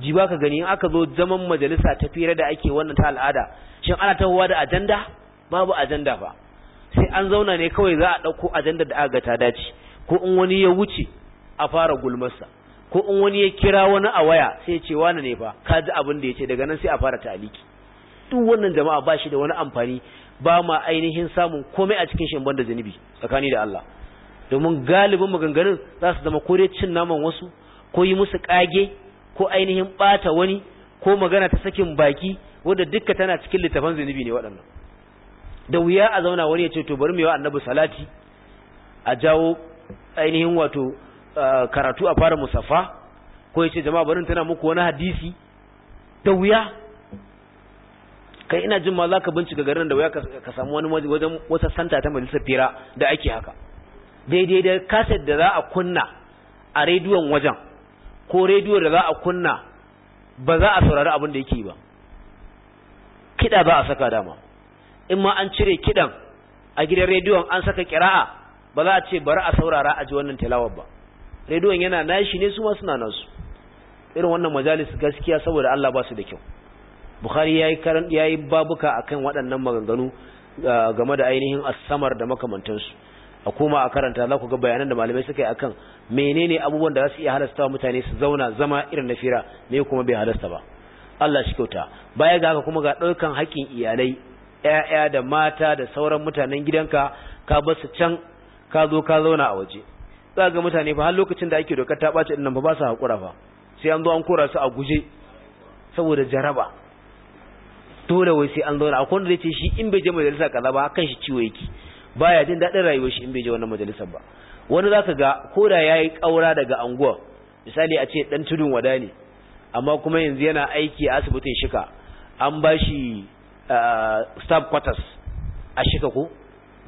ji ba ka gani in aka zo zaman majalisa ta fira da ake wannan ta al'ada shin ana tahowa da ajanda babu ajanda ba sai an zauna ne kawai za a ɗauko ajanda da aka ta dace ko in wani ya wuce a fara gulmarsa ko in wani ya kira wani a waya sai ya ce wani ne fa ka ji abin da ya ce daga nan sai a fara taliki duk wannan jama'a ba shi da wani amfani ba ma ainihin samun komai a cikin shamban da zunubi tsakani da Allah domin galibin maganganun za su zama ko dai cin naman wasu ko yi musu kage ko ainihin bata wani ko magana ta sakin baki wanda dukka tana cikin littafan zunubi ne waɗannan da wuya a zauna wani ya ce to bari mu yi wa annabi salati a jawo ainihin wato karatu a fara musaffa ko ya ce jama'a barin tana muku wani hadisi da wuya kai ina jin ma za ka bincika garin da wuya ka samu wani wajen wata santa ta majalisar fira da ake haka daidai da kaset da za a kunna a rediyon wajen ko rediyon da za a kunna ba za a saurari abin da yake ba kiɗa ba a saka dama in ma an cire kidan a gidan rediyon an saka kira'a ba za a ce bari a saurara a ji wannan tilawar ba rediyon yana nashi ne su ma suna nasu irin wannan majalis gaskiya saboda Allah ba su da kyau Bukhari yayi karan yayi babuka akan waɗannan maganganu game da ainihin as-samar da makamantansu a kuma a karanta za ku ga bayanan da malamai suka yi akan menene abubuwan da za su iya halasta wa mutane su zauna zama irin na fira me kuma bai halasta ba Allah shi kyauta baya ga haka kuma ga daukan haƙƙin iyalai 'ya'ya da mata da sauran mutanen gidanka ka ba su can ka zo ka zauna a waje za ga mutane fa har lokacin da ake dokar ta ɓace ɗin ba su haƙura fa sai an zo an kora su a guje saboda jaraba dole wai sai an zauna a kwanda zai ce shi in bai je majalisa kaza ba kan shi ciwo yake baya jin daɗin rayuwar shi in bai je wannan majalisar ba wani za ka ga ko da yi ƙaura daga anguwa misali a ce ɗan tudun wada ne amma kuma yanzu yana aiki a asibitin shika an ba shi. Uh, stab quarters a shika ko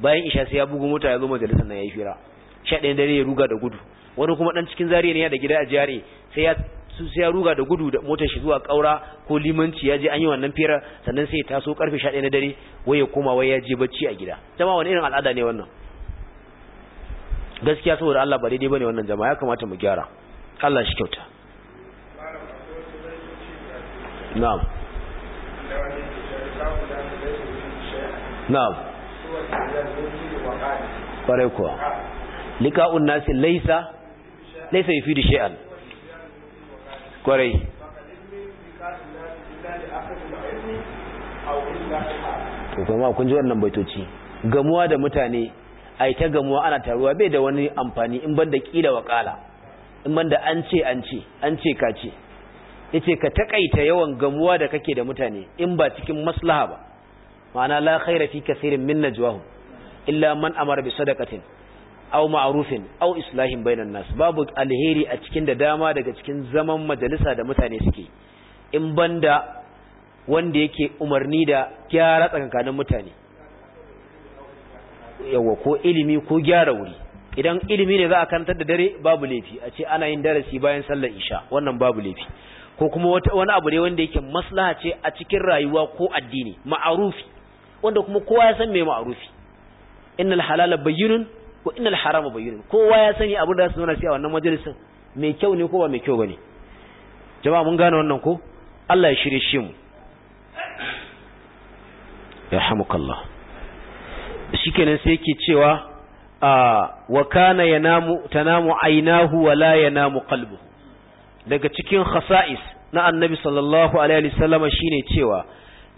bayan isha sai ya bugu mota ya zo majalisar nan ya yi fira sha ɗaya dare ya ruga da gudu wani kuma ɗan cikin zariya ne ya da gida a jiyare sai ya su sai ya ruga da gudu da motar shi zuwa ƙaura ko limanci ya je an yi wannan fira sannan sai ya taso karfe sha ɗaya na dare wai ya koma wai ya je bacci a gida jama'a wani irin al'ada ne wannan gaskiya saboda Allah ba daidai bane wannan jama'a ya kamata mu gyara Allah shi kyauta na'am na'am ƙwarai kuwa liƙa'un nasi laisa laisa yi fi da shi'an ƙwarai to kuma kun ji wannan baitoci gamuwa da mutane ai ta gamuwa ana taruwa bai da wani amfani in banda kila wa kala in banda an ce an ce an ce ka ce yace ka takaita yawan gamuwa da kake da mutane in ba cikin maslaha ba ma'ana la khaira fi kathirin min najwahum illa man amara bi sadaqatin aw ma'rufin aw islahin bainan nas babu alheri a cikin da dama daga cikin zaman majalisa da mutane suke in banda wanda yake umarni da gyara tsakankanin mutane yawa ko ilimi ko gyara wuri idan ilimi ne za a kantar da dare babu laifi a ce ana yin darasi bayan sallar isha wannan babu laifi ko kuma wani abu ne wanda yake maslaha ce a cikin rayuwa ko addini ma'arufi wanda kuma kowa ya san me ma'rufi innal halala bayyinun wa innal harama bayyinun kowa ya sani abin da za su nuna shi a wannan majalisar mai kyau ne ko ba mai kyau ba ne? jama'a mun gane wannan ko Allah ya shirye shi mu yarhamukallah shikenan sai yake cewa wa kana ta namu ainahu wa la namu qalbuhu daga cikin khasa'is na annabi sallallahu alaihi wasallam shine cewa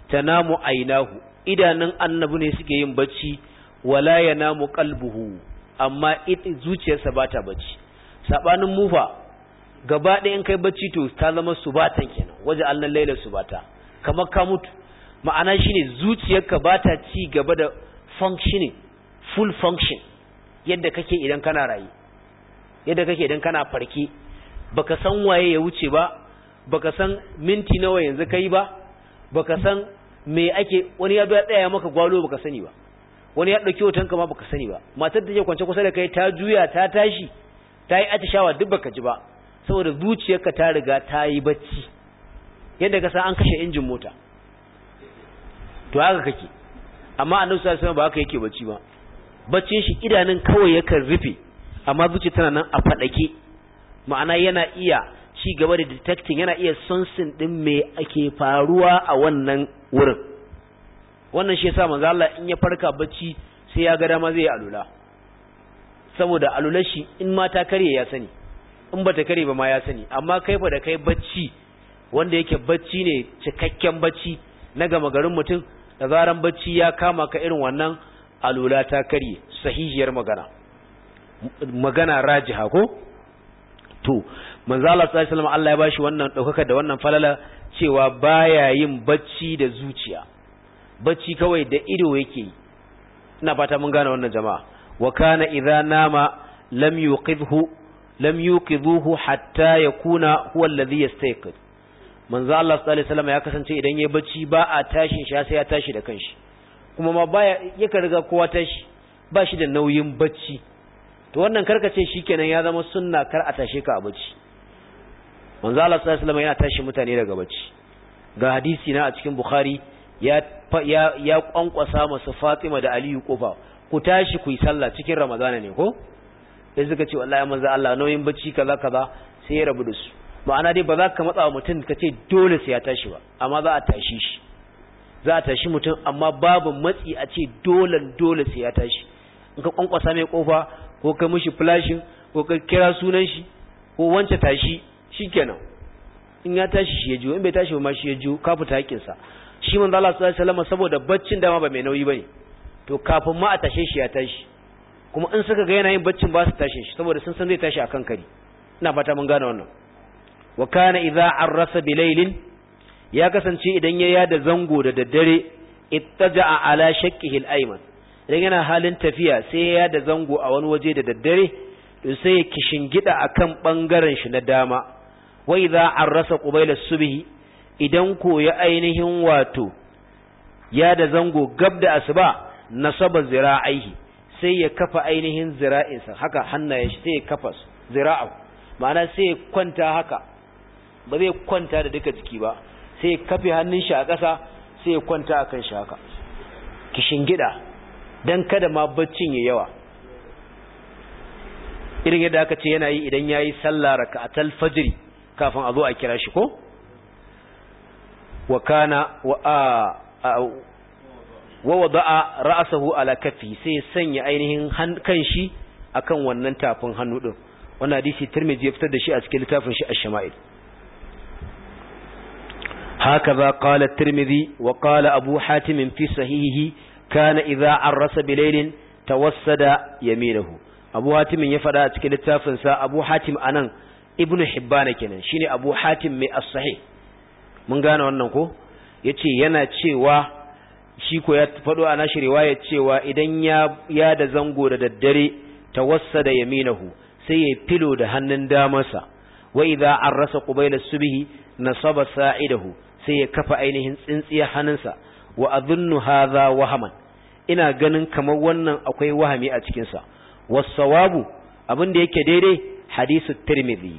ta namu ainahu idanun annabu ne suke yin bacci wala ya namu kalbuhu amma zuciyarsa ba ta bacci sabanin mufa gaba ɗaya in kai bacci to ta zama subatan kenan waje Allah laila subata kamar ka mutu ma'ana shine zuciyarka ba ta ci gaba da functioning full function yadda kake idan kana rayu yadda kake idan kana farke baka san waye ya wuce ba baka san minti nawa yanzu kai ba baka san me ake wani ya zo ya maka gwalo baka sani ba wani ya dauki hoton ka ma baka sani ba matar da ke kwance kusa da kai ta juya ta tashi ta yi atishawa duk baka ji ba saboda zuciyarka ta riga ta yi bacci yadda ka san an kashe injin mota to haka kake amma annabi sallallahu alaihi ba haka yake bacci ba baccin shi idanun kawai yakan rufe amma zuciya tana nan a fadake ma'ana yana iya ci gaba da detecting yana iya sonsin ɗin me ake faruwa a wannan wurin wannan shi yasa manzo Allah in ya farka bacci sai ya ga dama zai alula saboda alular shi in ma ta karye ya sani in ba ta karye ba ma ya sani amma kai fa da kai bacci wanda yake bacci ne cikakken bacci na gama garin mutum da zaran bacci ya kama ka irin wannan alula ta karye sahihiyar magana magana rajiha ko to manzo Allah sallallahu alaihi wasallam Allah ya bashi wannan daukaka da wannan falala cewa baya yin bacci da zuciya bacci kawai da ido yake yi ina fata mun gane wannan jama'a wa kana idza nama lam yuqidhu lam yuqidhuhu hatta yakuna huwa alladhi yastayqid manzo Allah sallallahu alaihi wasallam ya kasance idan yayi bacci ba a tashin shi sai ya tashi da kanshi kuma ma baya yake riga kowa tashi ba shi da nauyin bacci to wannan shi kenan ya zama sunna kar a tashe ka a bacci manzo Allah sallallahu alaihi wasallam yana tashi mutane daga bacci ga hadisi na a cikin bukhari ya ya ya kwankwasa masu Fatima da Aliyu kofa ku tashi ku yi sallah cikin Ramadana ne ko sai suka ce wallahi manzo Allah nauyin bacci kaza kaza sai ya rabu da su ma'ana dai ba za ka matsa mutum ka ce dole sai ya tashi ba amma za a tashi shi za a tashi mutum amma babu matsi a ce dole dole sai ya tashi in ka kwankwasa mai kofa ko kai mishi flashin ko ka kira sunan shi ko wance tashi shikenan in ya tashi shi ya jiyo in bai tashi ba ma shi ya jiyo ka fita sa shi manzo Allah sallallahu alaihi wasallam saboda baccin dama ba mai nauyi bane to kafin ma a tashe shi ya tashi kuma in suka ga yana yin baccin ba su tashe shi saboda sun san zai tashi akan kari ina fata mun gane wannan wa kana idza arrasa bilailin ya kasance idan ya yada zango da daddare ittaja ala shakkihil ayman idan yana halin tafiya sai ya da zango a wani waje da daddare to sai ya kishingida akan bangaren shi na dama wa idza arrasa qubayla subhi idan ko ya ainihin wato ya da zango gab da asuba nasaba zira'aihi sai ya kafa ainihin zira'insa haka hannaye shi sai ya kafa zira'a ma'ana sai ya kwanta haka ba zai kwanta da duka jiki ba sai ya kafe hannun shi a ƙasa sai ya kwanta akan shi haka kishingida don kada ma baccin ya yawa irin yadda aka ce yana yi idan ya yi sallah a fajiri kafin a zo a kira shi ko wa kana wa wada'a ra'asahu ala sai sanya ainihin kanshi kan wannan tafin hannu din wannan hadisi Tirmidhi ya fitar da shi a cikin littafin shi a shamail Haka hakaza kala Tirmidhi wa kala Abu hatimin fi sahihihi kana idza arrasa bilailin tawassada yaminahu abu hatim ya faɗa a cikin littafin sa abu hatim anan ibnu hibban kenan shine abu hatim mai as-sahih mun gane wannan ko yace yana cewa shi ko ya faɗo a nashi riwaya cewa idan ya ya da zango da daddare tawassada yaminahu sai ya filo da hannun damarsa wa idza arrasa qubayla subhi nasaba sa'idahu sai ya kafa ainihin tsintsiya hannunsa wa adhunnu hadha wahaman ina ganin kamar wannan akwai wahami a cikinsa wasawabu abin da yake daidai hadisu tirmidhi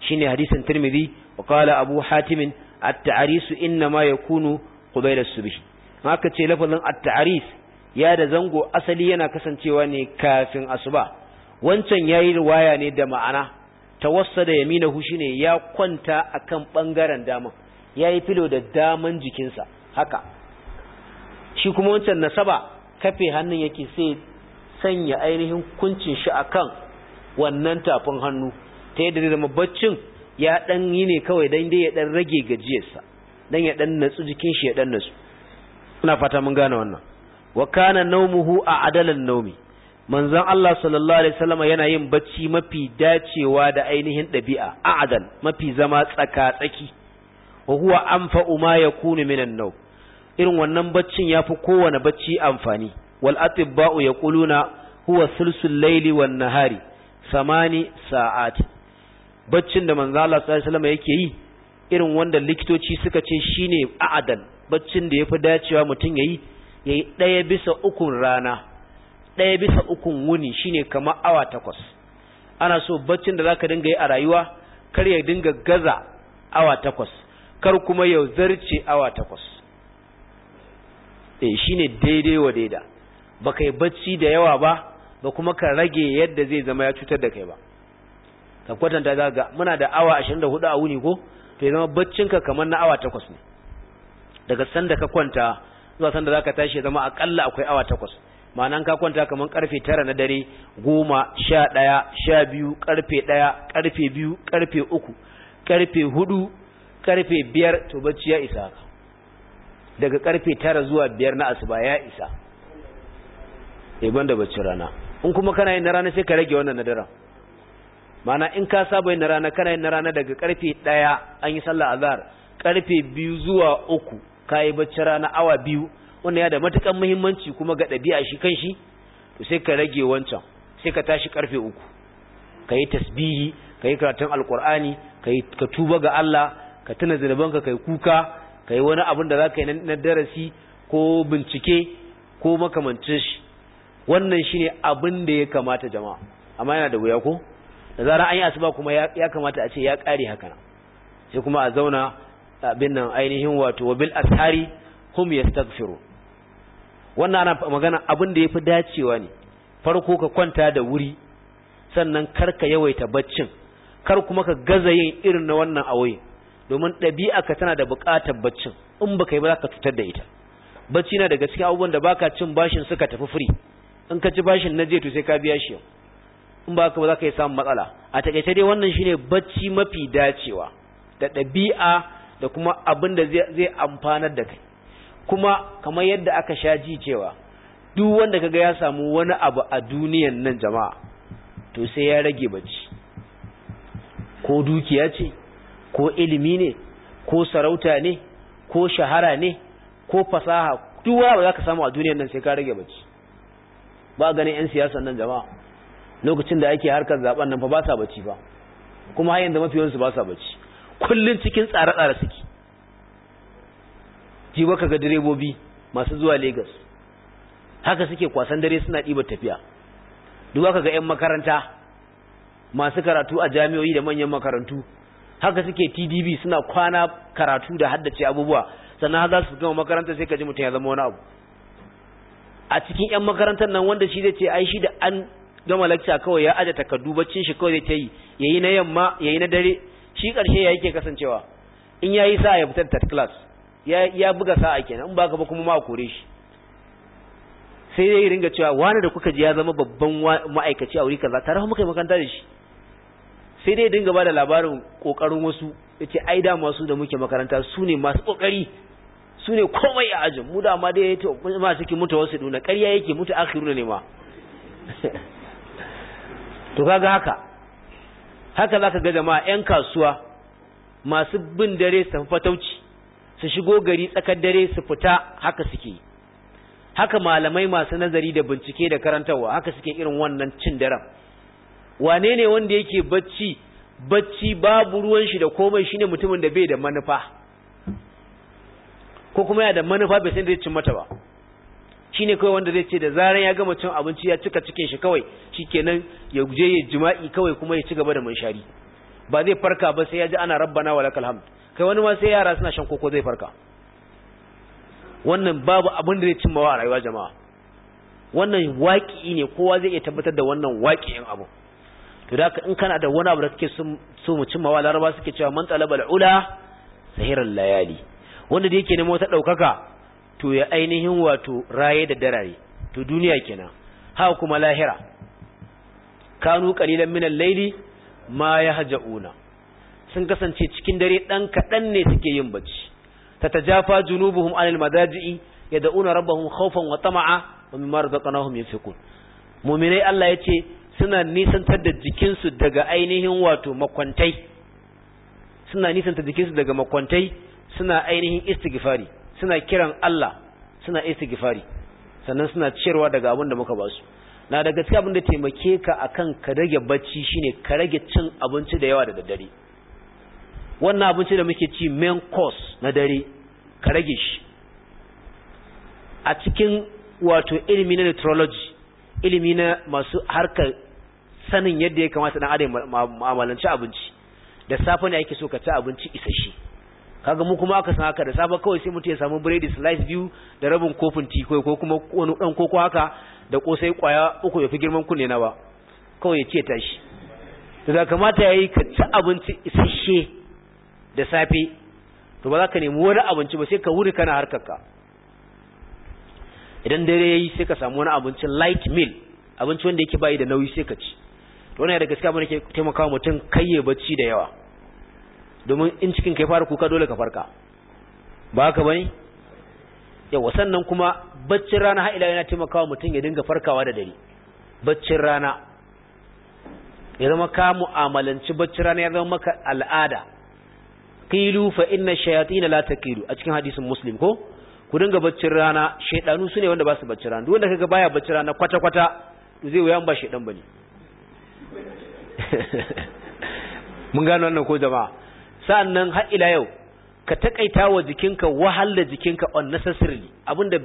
shine hadisin tirmidhi wa qala abu hatim at-ta'risu inna ma yakunu qabila subhi Maka haka ce lafazin at taaris ya da zango asali yana kasancewa ne kafin asuba wancan yayi riwaya ne da ma'ana tawassada yaminahu shine ya kwanta akan bangaren dama yayi filo da daman jikinsa haka shi kuma wancan nasaba kafe hannun yake sai sanya ainihin kuncin shi akan wannan tafin hannu ta yadda da zama baccin ya dan yi ne kawai dan dai ya dan rage gajiyarsa dan ya dan natsu jikin shi ya dan natsu ina fata mun gane wannan wa kana nawmuhu a adalan nawmi manzon Allah sallallahu alaihi wasallam yana yin bacci mafi dacewa da ainihin dabi'a a'dal mafi zama tsaka tsaki wa huwa anfa'u ma yakunu minan nawm irin wannan baccin ya fi kowane bacci amfani wal atibba'u yaquluna huwa sulsul layli wan nahari samani sa'at baccin da manzo Allah sallallahu alaihi wasallam yake yi irin wanda likitoci suka ce shine a'adal baccin da yafi dacewa mutum yayi yayi daya bisa ukun rana daya bisa ukun wuni shine kamar awa takwas ana so baccin da zaka dinga yi a rayuwa kar ya dinga gaza awa takwas kar kuma ya zarce awa takwas eh shine daidai wa daida baka yi bacci da yawa ba ba kuma ka rage yadda zai zama ya cutar da kai ba ka kwatanta za ga muna da awa 24 a wuni ko to ya zama baccinka kamar na awa 8 ne daga sanda ka kwanta zuwa sanda zaka tashi ya zama akalla akwai awa takwas. ma'anan ka kwanta kamar karfe tara na dare goma, sha ɗaya, sha biyu, karfe ɗaya, karfe biyu, karfe uku, karfe hudu, karfe biyar, to bacci ya isa ka daga karfe tara zuwa biyar na asuba ya isa iban eh, da bacci rana in kuma kana yin na rana sai ka rage wannan nadara mana in ka saba yin rana kana yin na rana daga karfe ɗaya an yi sallah azhar karfe biyu zuwa uku ka yi bacci rana awa biyu wannan ya da matukan muhimmanci kuma ga ɗabi'a shi kan shi to sai ka rage wancan sai ka tashi karfe uku ka yi tasbihi ka yi karatun alkur'ani ka tuba ga Allah ka tuna zinabanka ka yi kuka kai wani abin da zaka yi na darasi ko bincike ko makamancin shi wannan shine abin da ya kamata jama'a amma yana da wuya ko da zarar an yi asuba kuma ya kamata a ce ya kare haka nan sai kuma a zauna abin nan ainihin wato wabil ashari hum yastaghfiru wannan ana magana abin da yafi dacewa ne farko ka kwanta da wuri sannan kar ka yawaita baccin kar kuma ka gaza yin irin na wannan awayin domin ɗabi'a ka tana da buƙatar baccin in ka yi ba za ka cutar da ita bacci na daga cikin abubuwan da baka cin bashin suka tafi firi in ka ci bashin na je to sai ka biya shi in ba ka ba za ka yi samun matsala a takaice dai wannan shi ne bacci mafi dacewa da ɗabi'a da kuma abin da zai amfanar da kai kuma kamar yadda aka sha ji cewa duk wanda kaga ya samu wani abu a duniyan nan jama'a to sai ya rage bacci ko dukiya ce ko ilimi ne ko sarauta ne ko shahara ne ko fasaha duk wani ba ka samu a duniyar nan sai ka rage bacci ba ganin 'yan siyasa nan jama'a lokacin da ake harkar zaben nan fa ba sa bacci ba kuma har yanzu mafiyansu ba sa bacci kullun cikin tsare-tsare suke jiwa kaga direbobi masu zuwa Lagos haka suke kwasan dare suna diba tafiya duba kaga 'yan makaranta masu karatu a jami'o'i da manyan makarantu haka suke tdb suna kwana karatu da haddace abubuwa sannan za su gama makaranta sai ka ji mutum ya zama wani abu a cikin 'yan makarantar nan wanda shi zai ce ai shi da an gama lakca kawai ya aje takardu baccin shi kawai zai ta yi yayi na yamma yayi na dare shi karshe ya yake kasancewa in yayi sa'a ya fitar third class ya ya buga sa'a kenan in baka ba kuma ma kore shi sai dai ringa cewa wani da kuka ji ya zama babban ma'aikaci a wuri kaza tare muka yi makaranta da shi sai dai dinga ba da labarin kokarin wasu ya ce ai da masu da muke makaranta su ne masu ƙoƙari su ne komai a ajin mu da ma dai ya ce ma suke mutu wasu duna ƙarya yake mutu akhiru ne ma to kaga haka haka zaka ga jama'a yan kasuwa masu bin dare su tauci su shigo gari tsakar dare su fita haka suke haka malamai masu nazari da bincike da karantarwa haka suke irin wannan cin daren wane ne wanda yake bacci bacci babu ruwan shi da komai shine mutumin da bai da manufa ko kuma yana da manufa bai san da cin mata ba shine kawai wanda zai ce da zaran ya gama cin abinci ya cika cikin shi kawai shikenan ya je ya jima'i kawai kuma ya ci gaba da munshari ba zai farka ba sai ya ji ana rabbana lakal hamd kai wani ma sai yara suna shan koko zai farka wannan babu abin da zai cimma wa rayuwa jama'a wannan waki ne kowa zai iya tabbatar da wannan waki in abu to da in kana da wani abu da kake so mu cimma wa laraba suke cewa man talabal ula sahirar layali wanda da yake nemo ta daukaka to ya ainihin wato raye da darare to duniya kenan ha kuma lahira kanu qalilan min al-layli ma yahjauna sun kasance cikin dare dan kadan ne suke yin bacci tatajafa junubuhum anil madaji'i yad'una rabbahum khawfan wa tama'a wa mimma razaqnahum yunfiqun mu'minai Allah yace suna nisantar da jikinsu daga ainihin wato makwantai suna nisantar jikinsu daga makwantai suna ainihin istighfari suna kiran Allah suna istighfari sannan suna ciyarwa daga abin da muka basu na daga cikin abin da taimake ka akan ka rage bacci shine ka rage cin abinci da yawa da daddare wannan abinci da muke ci main course na dare ka rage shi a cikin wato ilimi na nutrology ilimi na masu harkar sanin yadda ya kamata dan adam mu'amalanci abinci da safe ne ake so ka ci abinci isasshe kaga mu kuma aka san haka da safe kawai sai mutum ya samu biredi slice biyu da rabin kofin ti ko kuma wani dan koko haka da kosai kwaya uku ya fi girman kunne na ba kawai ya ce tashi to da kamata yayi ka ci abinci isasshe da safe to ba za ka nemi wani abinci ba sai ka wuri kana harkarka idan dare yayi sai ka samu wani abincin light meal abinci wanda yake bayi da nauyi sai ka ci to ne da gaskiya bane ke taimakawa mutum kayye bacci da yawa domin in cikin kai fara kuka dole ka farka ba haka bane yawa sannan kuma baccin rana har ila yana taimakawa mutum ya dinga farkawa da dare baccin rana ya zama ka mu'amalanci baccin rana ya zama maka al'ada qilu fa inna shayatin la taqilu a cikin hadisin muslim ko ku dinga baccin rana shaydanu sune wanda ba su baccin rana duk wanda kaga baya baccin rana kwata kwata zai wuya ba shaydan bane mun gano wannan ko jama'a sa'annan har ila yau ka takaita wa jikinka wahala jikinka unnecessarily abinda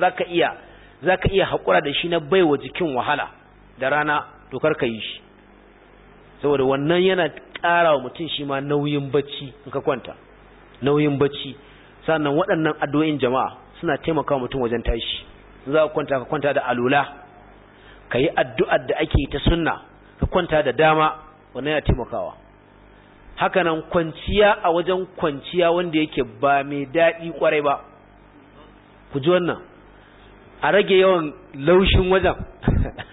zaka iya zaka iya hakura da shi na baiwa jikin wahala da rana to kar ka yi shi saboda wannan yana ƙara wa mutum shi ma nauyin bacci in ka kwanta nauyin bacci sannan waɗannan addu'o'in jama'a suna taimakawa mutum wajen tashi za ka kwanta ka kwanta da alula ka yi addu'ar da ake ta sunna kwanta da dama wannan ya taimakawa hakanan kwanciya a wajen kwanciya wanda yake ba mai daɗi kwarai ba ku ji wannan a rage yawan laushin wajen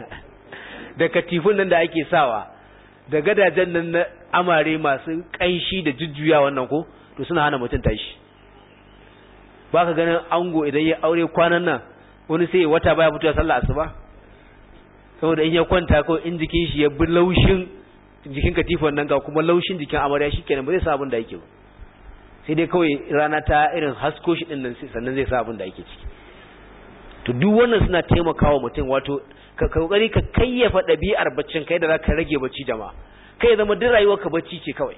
da katifun nan da ake sawa da gadajen nan na amare masu ƙanshi da jujjuya wannan ko to suna hana mutum tashi ba ka ganin ango idan ya aure kwanan nan wani sai wata baya fito sallah asuba saboda in ya kwanta ko in jikin shi ya bi laushin jikin katifan nan ga kuma laushin jikin amarya shi kenan ba zai sa abin da yake ba sai dai kawai rana ta irin hasko shi din nan sannan zai sa abin da yake ciki to duk wannan suna taimakawa mutum wato ka kokari ka kayyafa ɗabi'ar baccin kai da zaka rage bacci jama'a kai ya zama duk ka bacci ce kawai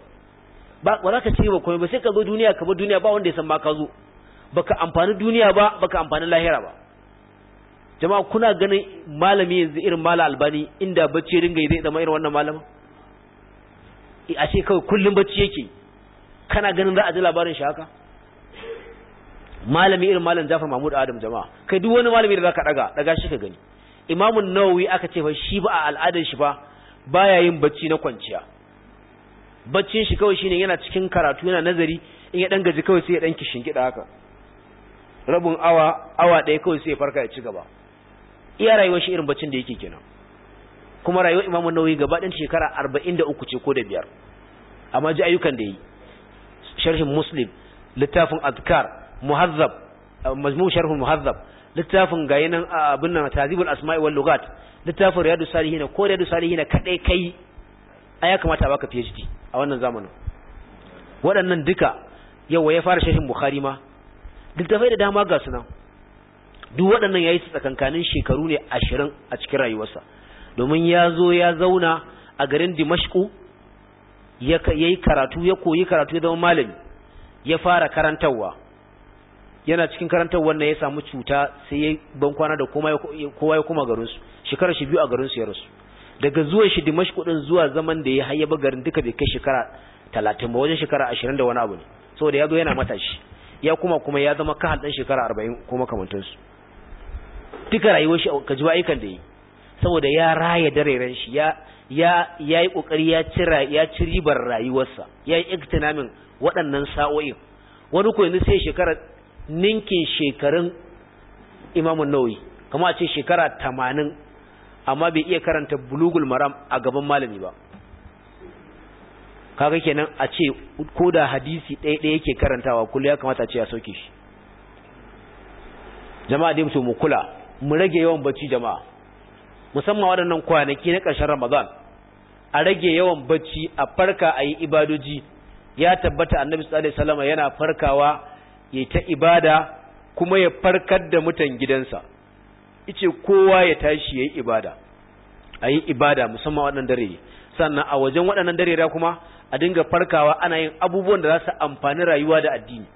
ba ba za ka ce ba komai ba sai ka zo duniya ka bar duniya ba wanda ya san ma ka zo baka amfani duniya ba baka amfani lahira ba jama'a kuna ganin malami yanzu irin mala albani inda bacci ringa zai zama irin wannan malama e, a ce kawai kullum bacci yake kana ganin za a ji labarin shi haka malami irin malam Jafar Mahmud Adam jama'a kai duk wani malami da zaka daga daga shi ka gani imamun Nawawi aka ce fa shi ba a al'adar shi ba baya yin bacci na kwanciya baccin shi kawai shine yana cikin karatu yana nazari in ya dan gaji kawai sai ya dan kishin gida haka rabin awa awa ɗaya kawai sai ya farka ya ci gaba iya rayuwar shi irin baccin da yake kenan kuma rayuwar imamu nauyi gaba ɗin shekara arba'in da uku ce ko da biyar amma ji ayyukan da yi sharhin muslim littafin azkar muhazzab eh, majmu sharhin muhazzab littafin gayi nan ah, abin nan tazibul asma'i wal lugat littafin riyadu salihin ko riyadu salihin kadai kai a ya kamata a baka PhD a wannan zamanin waɗannan duka yawa ya fara sharhin bukhari ma littafai da dama ga su duk waɗannan ya yi su tsakankanin shekaru ne ashirin a cikin rayuwarsa domin ya zo ya zauna a garin dimashku ya yi karatu ya koyi karatu ya zama malami ya fara karantarwa yana cikin karantarwar na ya samu cuta sai ya ban kwana da kowa ya kuma garinsu shekarar shi biyu a garinsu ya rasu daga zuwa shi dimashku ɗin zuwa zaman da ya ba garin duka bai kai shekara talatin ba wajen shekara ashirin da wani abu ne saboda ya zo yana matashi ya kuma kuma ya zama kahal ɗan shekara arba'in ko makamantansu duka rayuwar shi ka ji ayyukan da yi saboda ya raya dareren shi ya ya yayi kokari ya cira ya ci ribar rayuwarsa ya yi iktinamin waɗannan sa'oi wani ko yanzu sai shekara ninkin shekarun Imam Nawawi kamar a ce shekara 80 amma bai iya karanta bulugul maram a gaban malami ba kaga kenan a ce ko da hadisi ɗaya ɗaya yake karantawa kullu ya kamata a ce ya sauke shi jama'a dai mu kula mu rage yawan bacci jama'a musamman waɗannan kwanaki na ƙarshen ramadan a rage yawan bacci a farka a yi ibadoji ya tabbata annabi sallallahu alaihi wasallam yana farkawa ya ta ibada kuma ya farkar da mutan gidansa yace kowa ya tashi ya ibada a yi ibada musamman waɗannan dare sannan a wajen waɗannan dare kuma a dinga farkawa ana yin abubuwan da za su amfani rayuwa da addini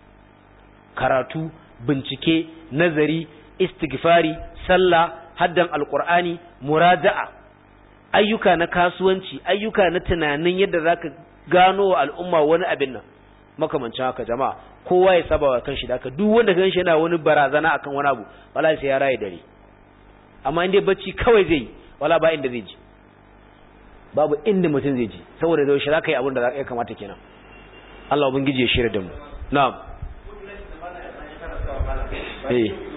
karatu bincike nazari istighfari sallah haddan alqur'ani muraja'a ayyuka na kasuwanci ayyuka na tunanin yadda zaka gano wa al'umma wani abin nan makamancin haka jama'a kowa ya saba wa kanshi da haka duk wanda kanshi yana wani barazana akan wani abu wala sai ya rayi dare amma in dai bacci kawai zai wala ba inda zai ji babu inda mutum zai ji saboda zai shi zaka yi abin da ya kamata kenan Allah ubangiji ya shirya da mu na'am Hey. Eh.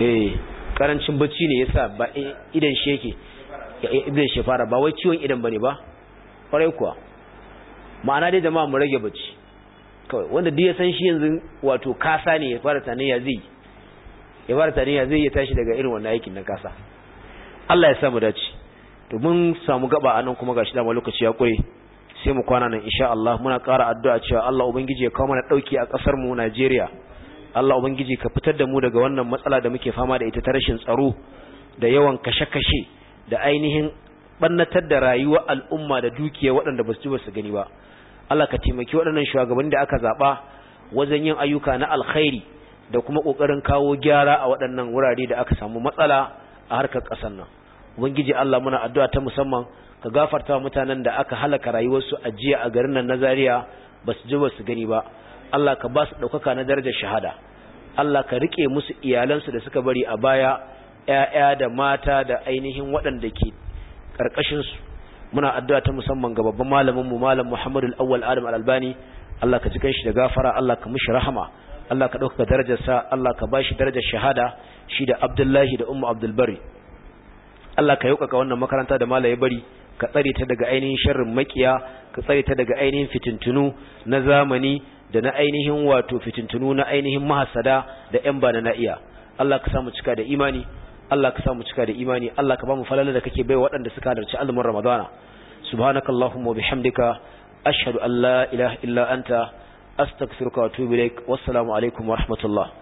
eh karancin bacci ne yasa ba eh, idan shi yake eh, idan shi fara ba wai ciwon idan bane ba kwarai kuwa ma'ana dai jama'a mu rage bacci kawai wanda duk ya san shi yanzu wato kasa ne ya fara ya zai ya fara ya zai ya tashi daga irin wannan aikin na kasa Allah ya samu dace to mun samu gaba anan kuma gashi da lokaci ya kure sai mu kwana nan insha Allah muna ƙara addu'a cewa Allah ubangiji ya kawo mana dauki a kasar mu Najeriya Allah ubangiji ka fitar da mu daga wannan matsala da muke fama da ita ta rashin tsaro da yawan kashe-kashe da ainihin bannatar da rayuwar al'umma da dukiya waɗanda ba su ji ba su gani ba Allah ka taimaki waɗannan shugabanni da aka zaɓa wajen yin ayyuka na alkhairi da kuma ƙoƙarin kawo gyara a waɗannan wurare da aka samu matsala a harkar ƙasar nan ubangiji Allah muna addu'a ta musamman ka gafarta mutanen da aka halaka rayuwarsu a jiya a garin nan na Zaria ba su ji ba su gani ba Allah ka ba su ɗaukaka na darajar shahada Allah ka rike musu iyalansu da suka bari a baya ‘ya'ya da mata da ainihin waɗanda ke ƙarƙashinsu muna addu'a ta musamman ga babban malaminmu malam muhammadu al'awwal adam al'albani Allah ka ji shi da gafara Allah ka mishi rahama Allah ka ɗaukaka darajarsa Allah ka ba shi darajar shahada shi da abdullahi da umma abdulbari Allah ka yaukaka wannan makaranta da malaye bari ka tsare ta daga ainihin sharrin makiya ka tsare ta daga ainihin fitintunu na zamani da na ainihin wato fitintunu na ainihin mahasada da ƴan bana na iya Allah ka samu cika da imani Allah ka samu cika da imani Allah ka bamu falala da kake bai waɗanda suka halarci azumin Ramadana subhanakallahumma wa bihamdika ashhadu an la ilaha illa anta astaghfiruka wa atubu ilaik wassalamu alaikum wa rahmatullah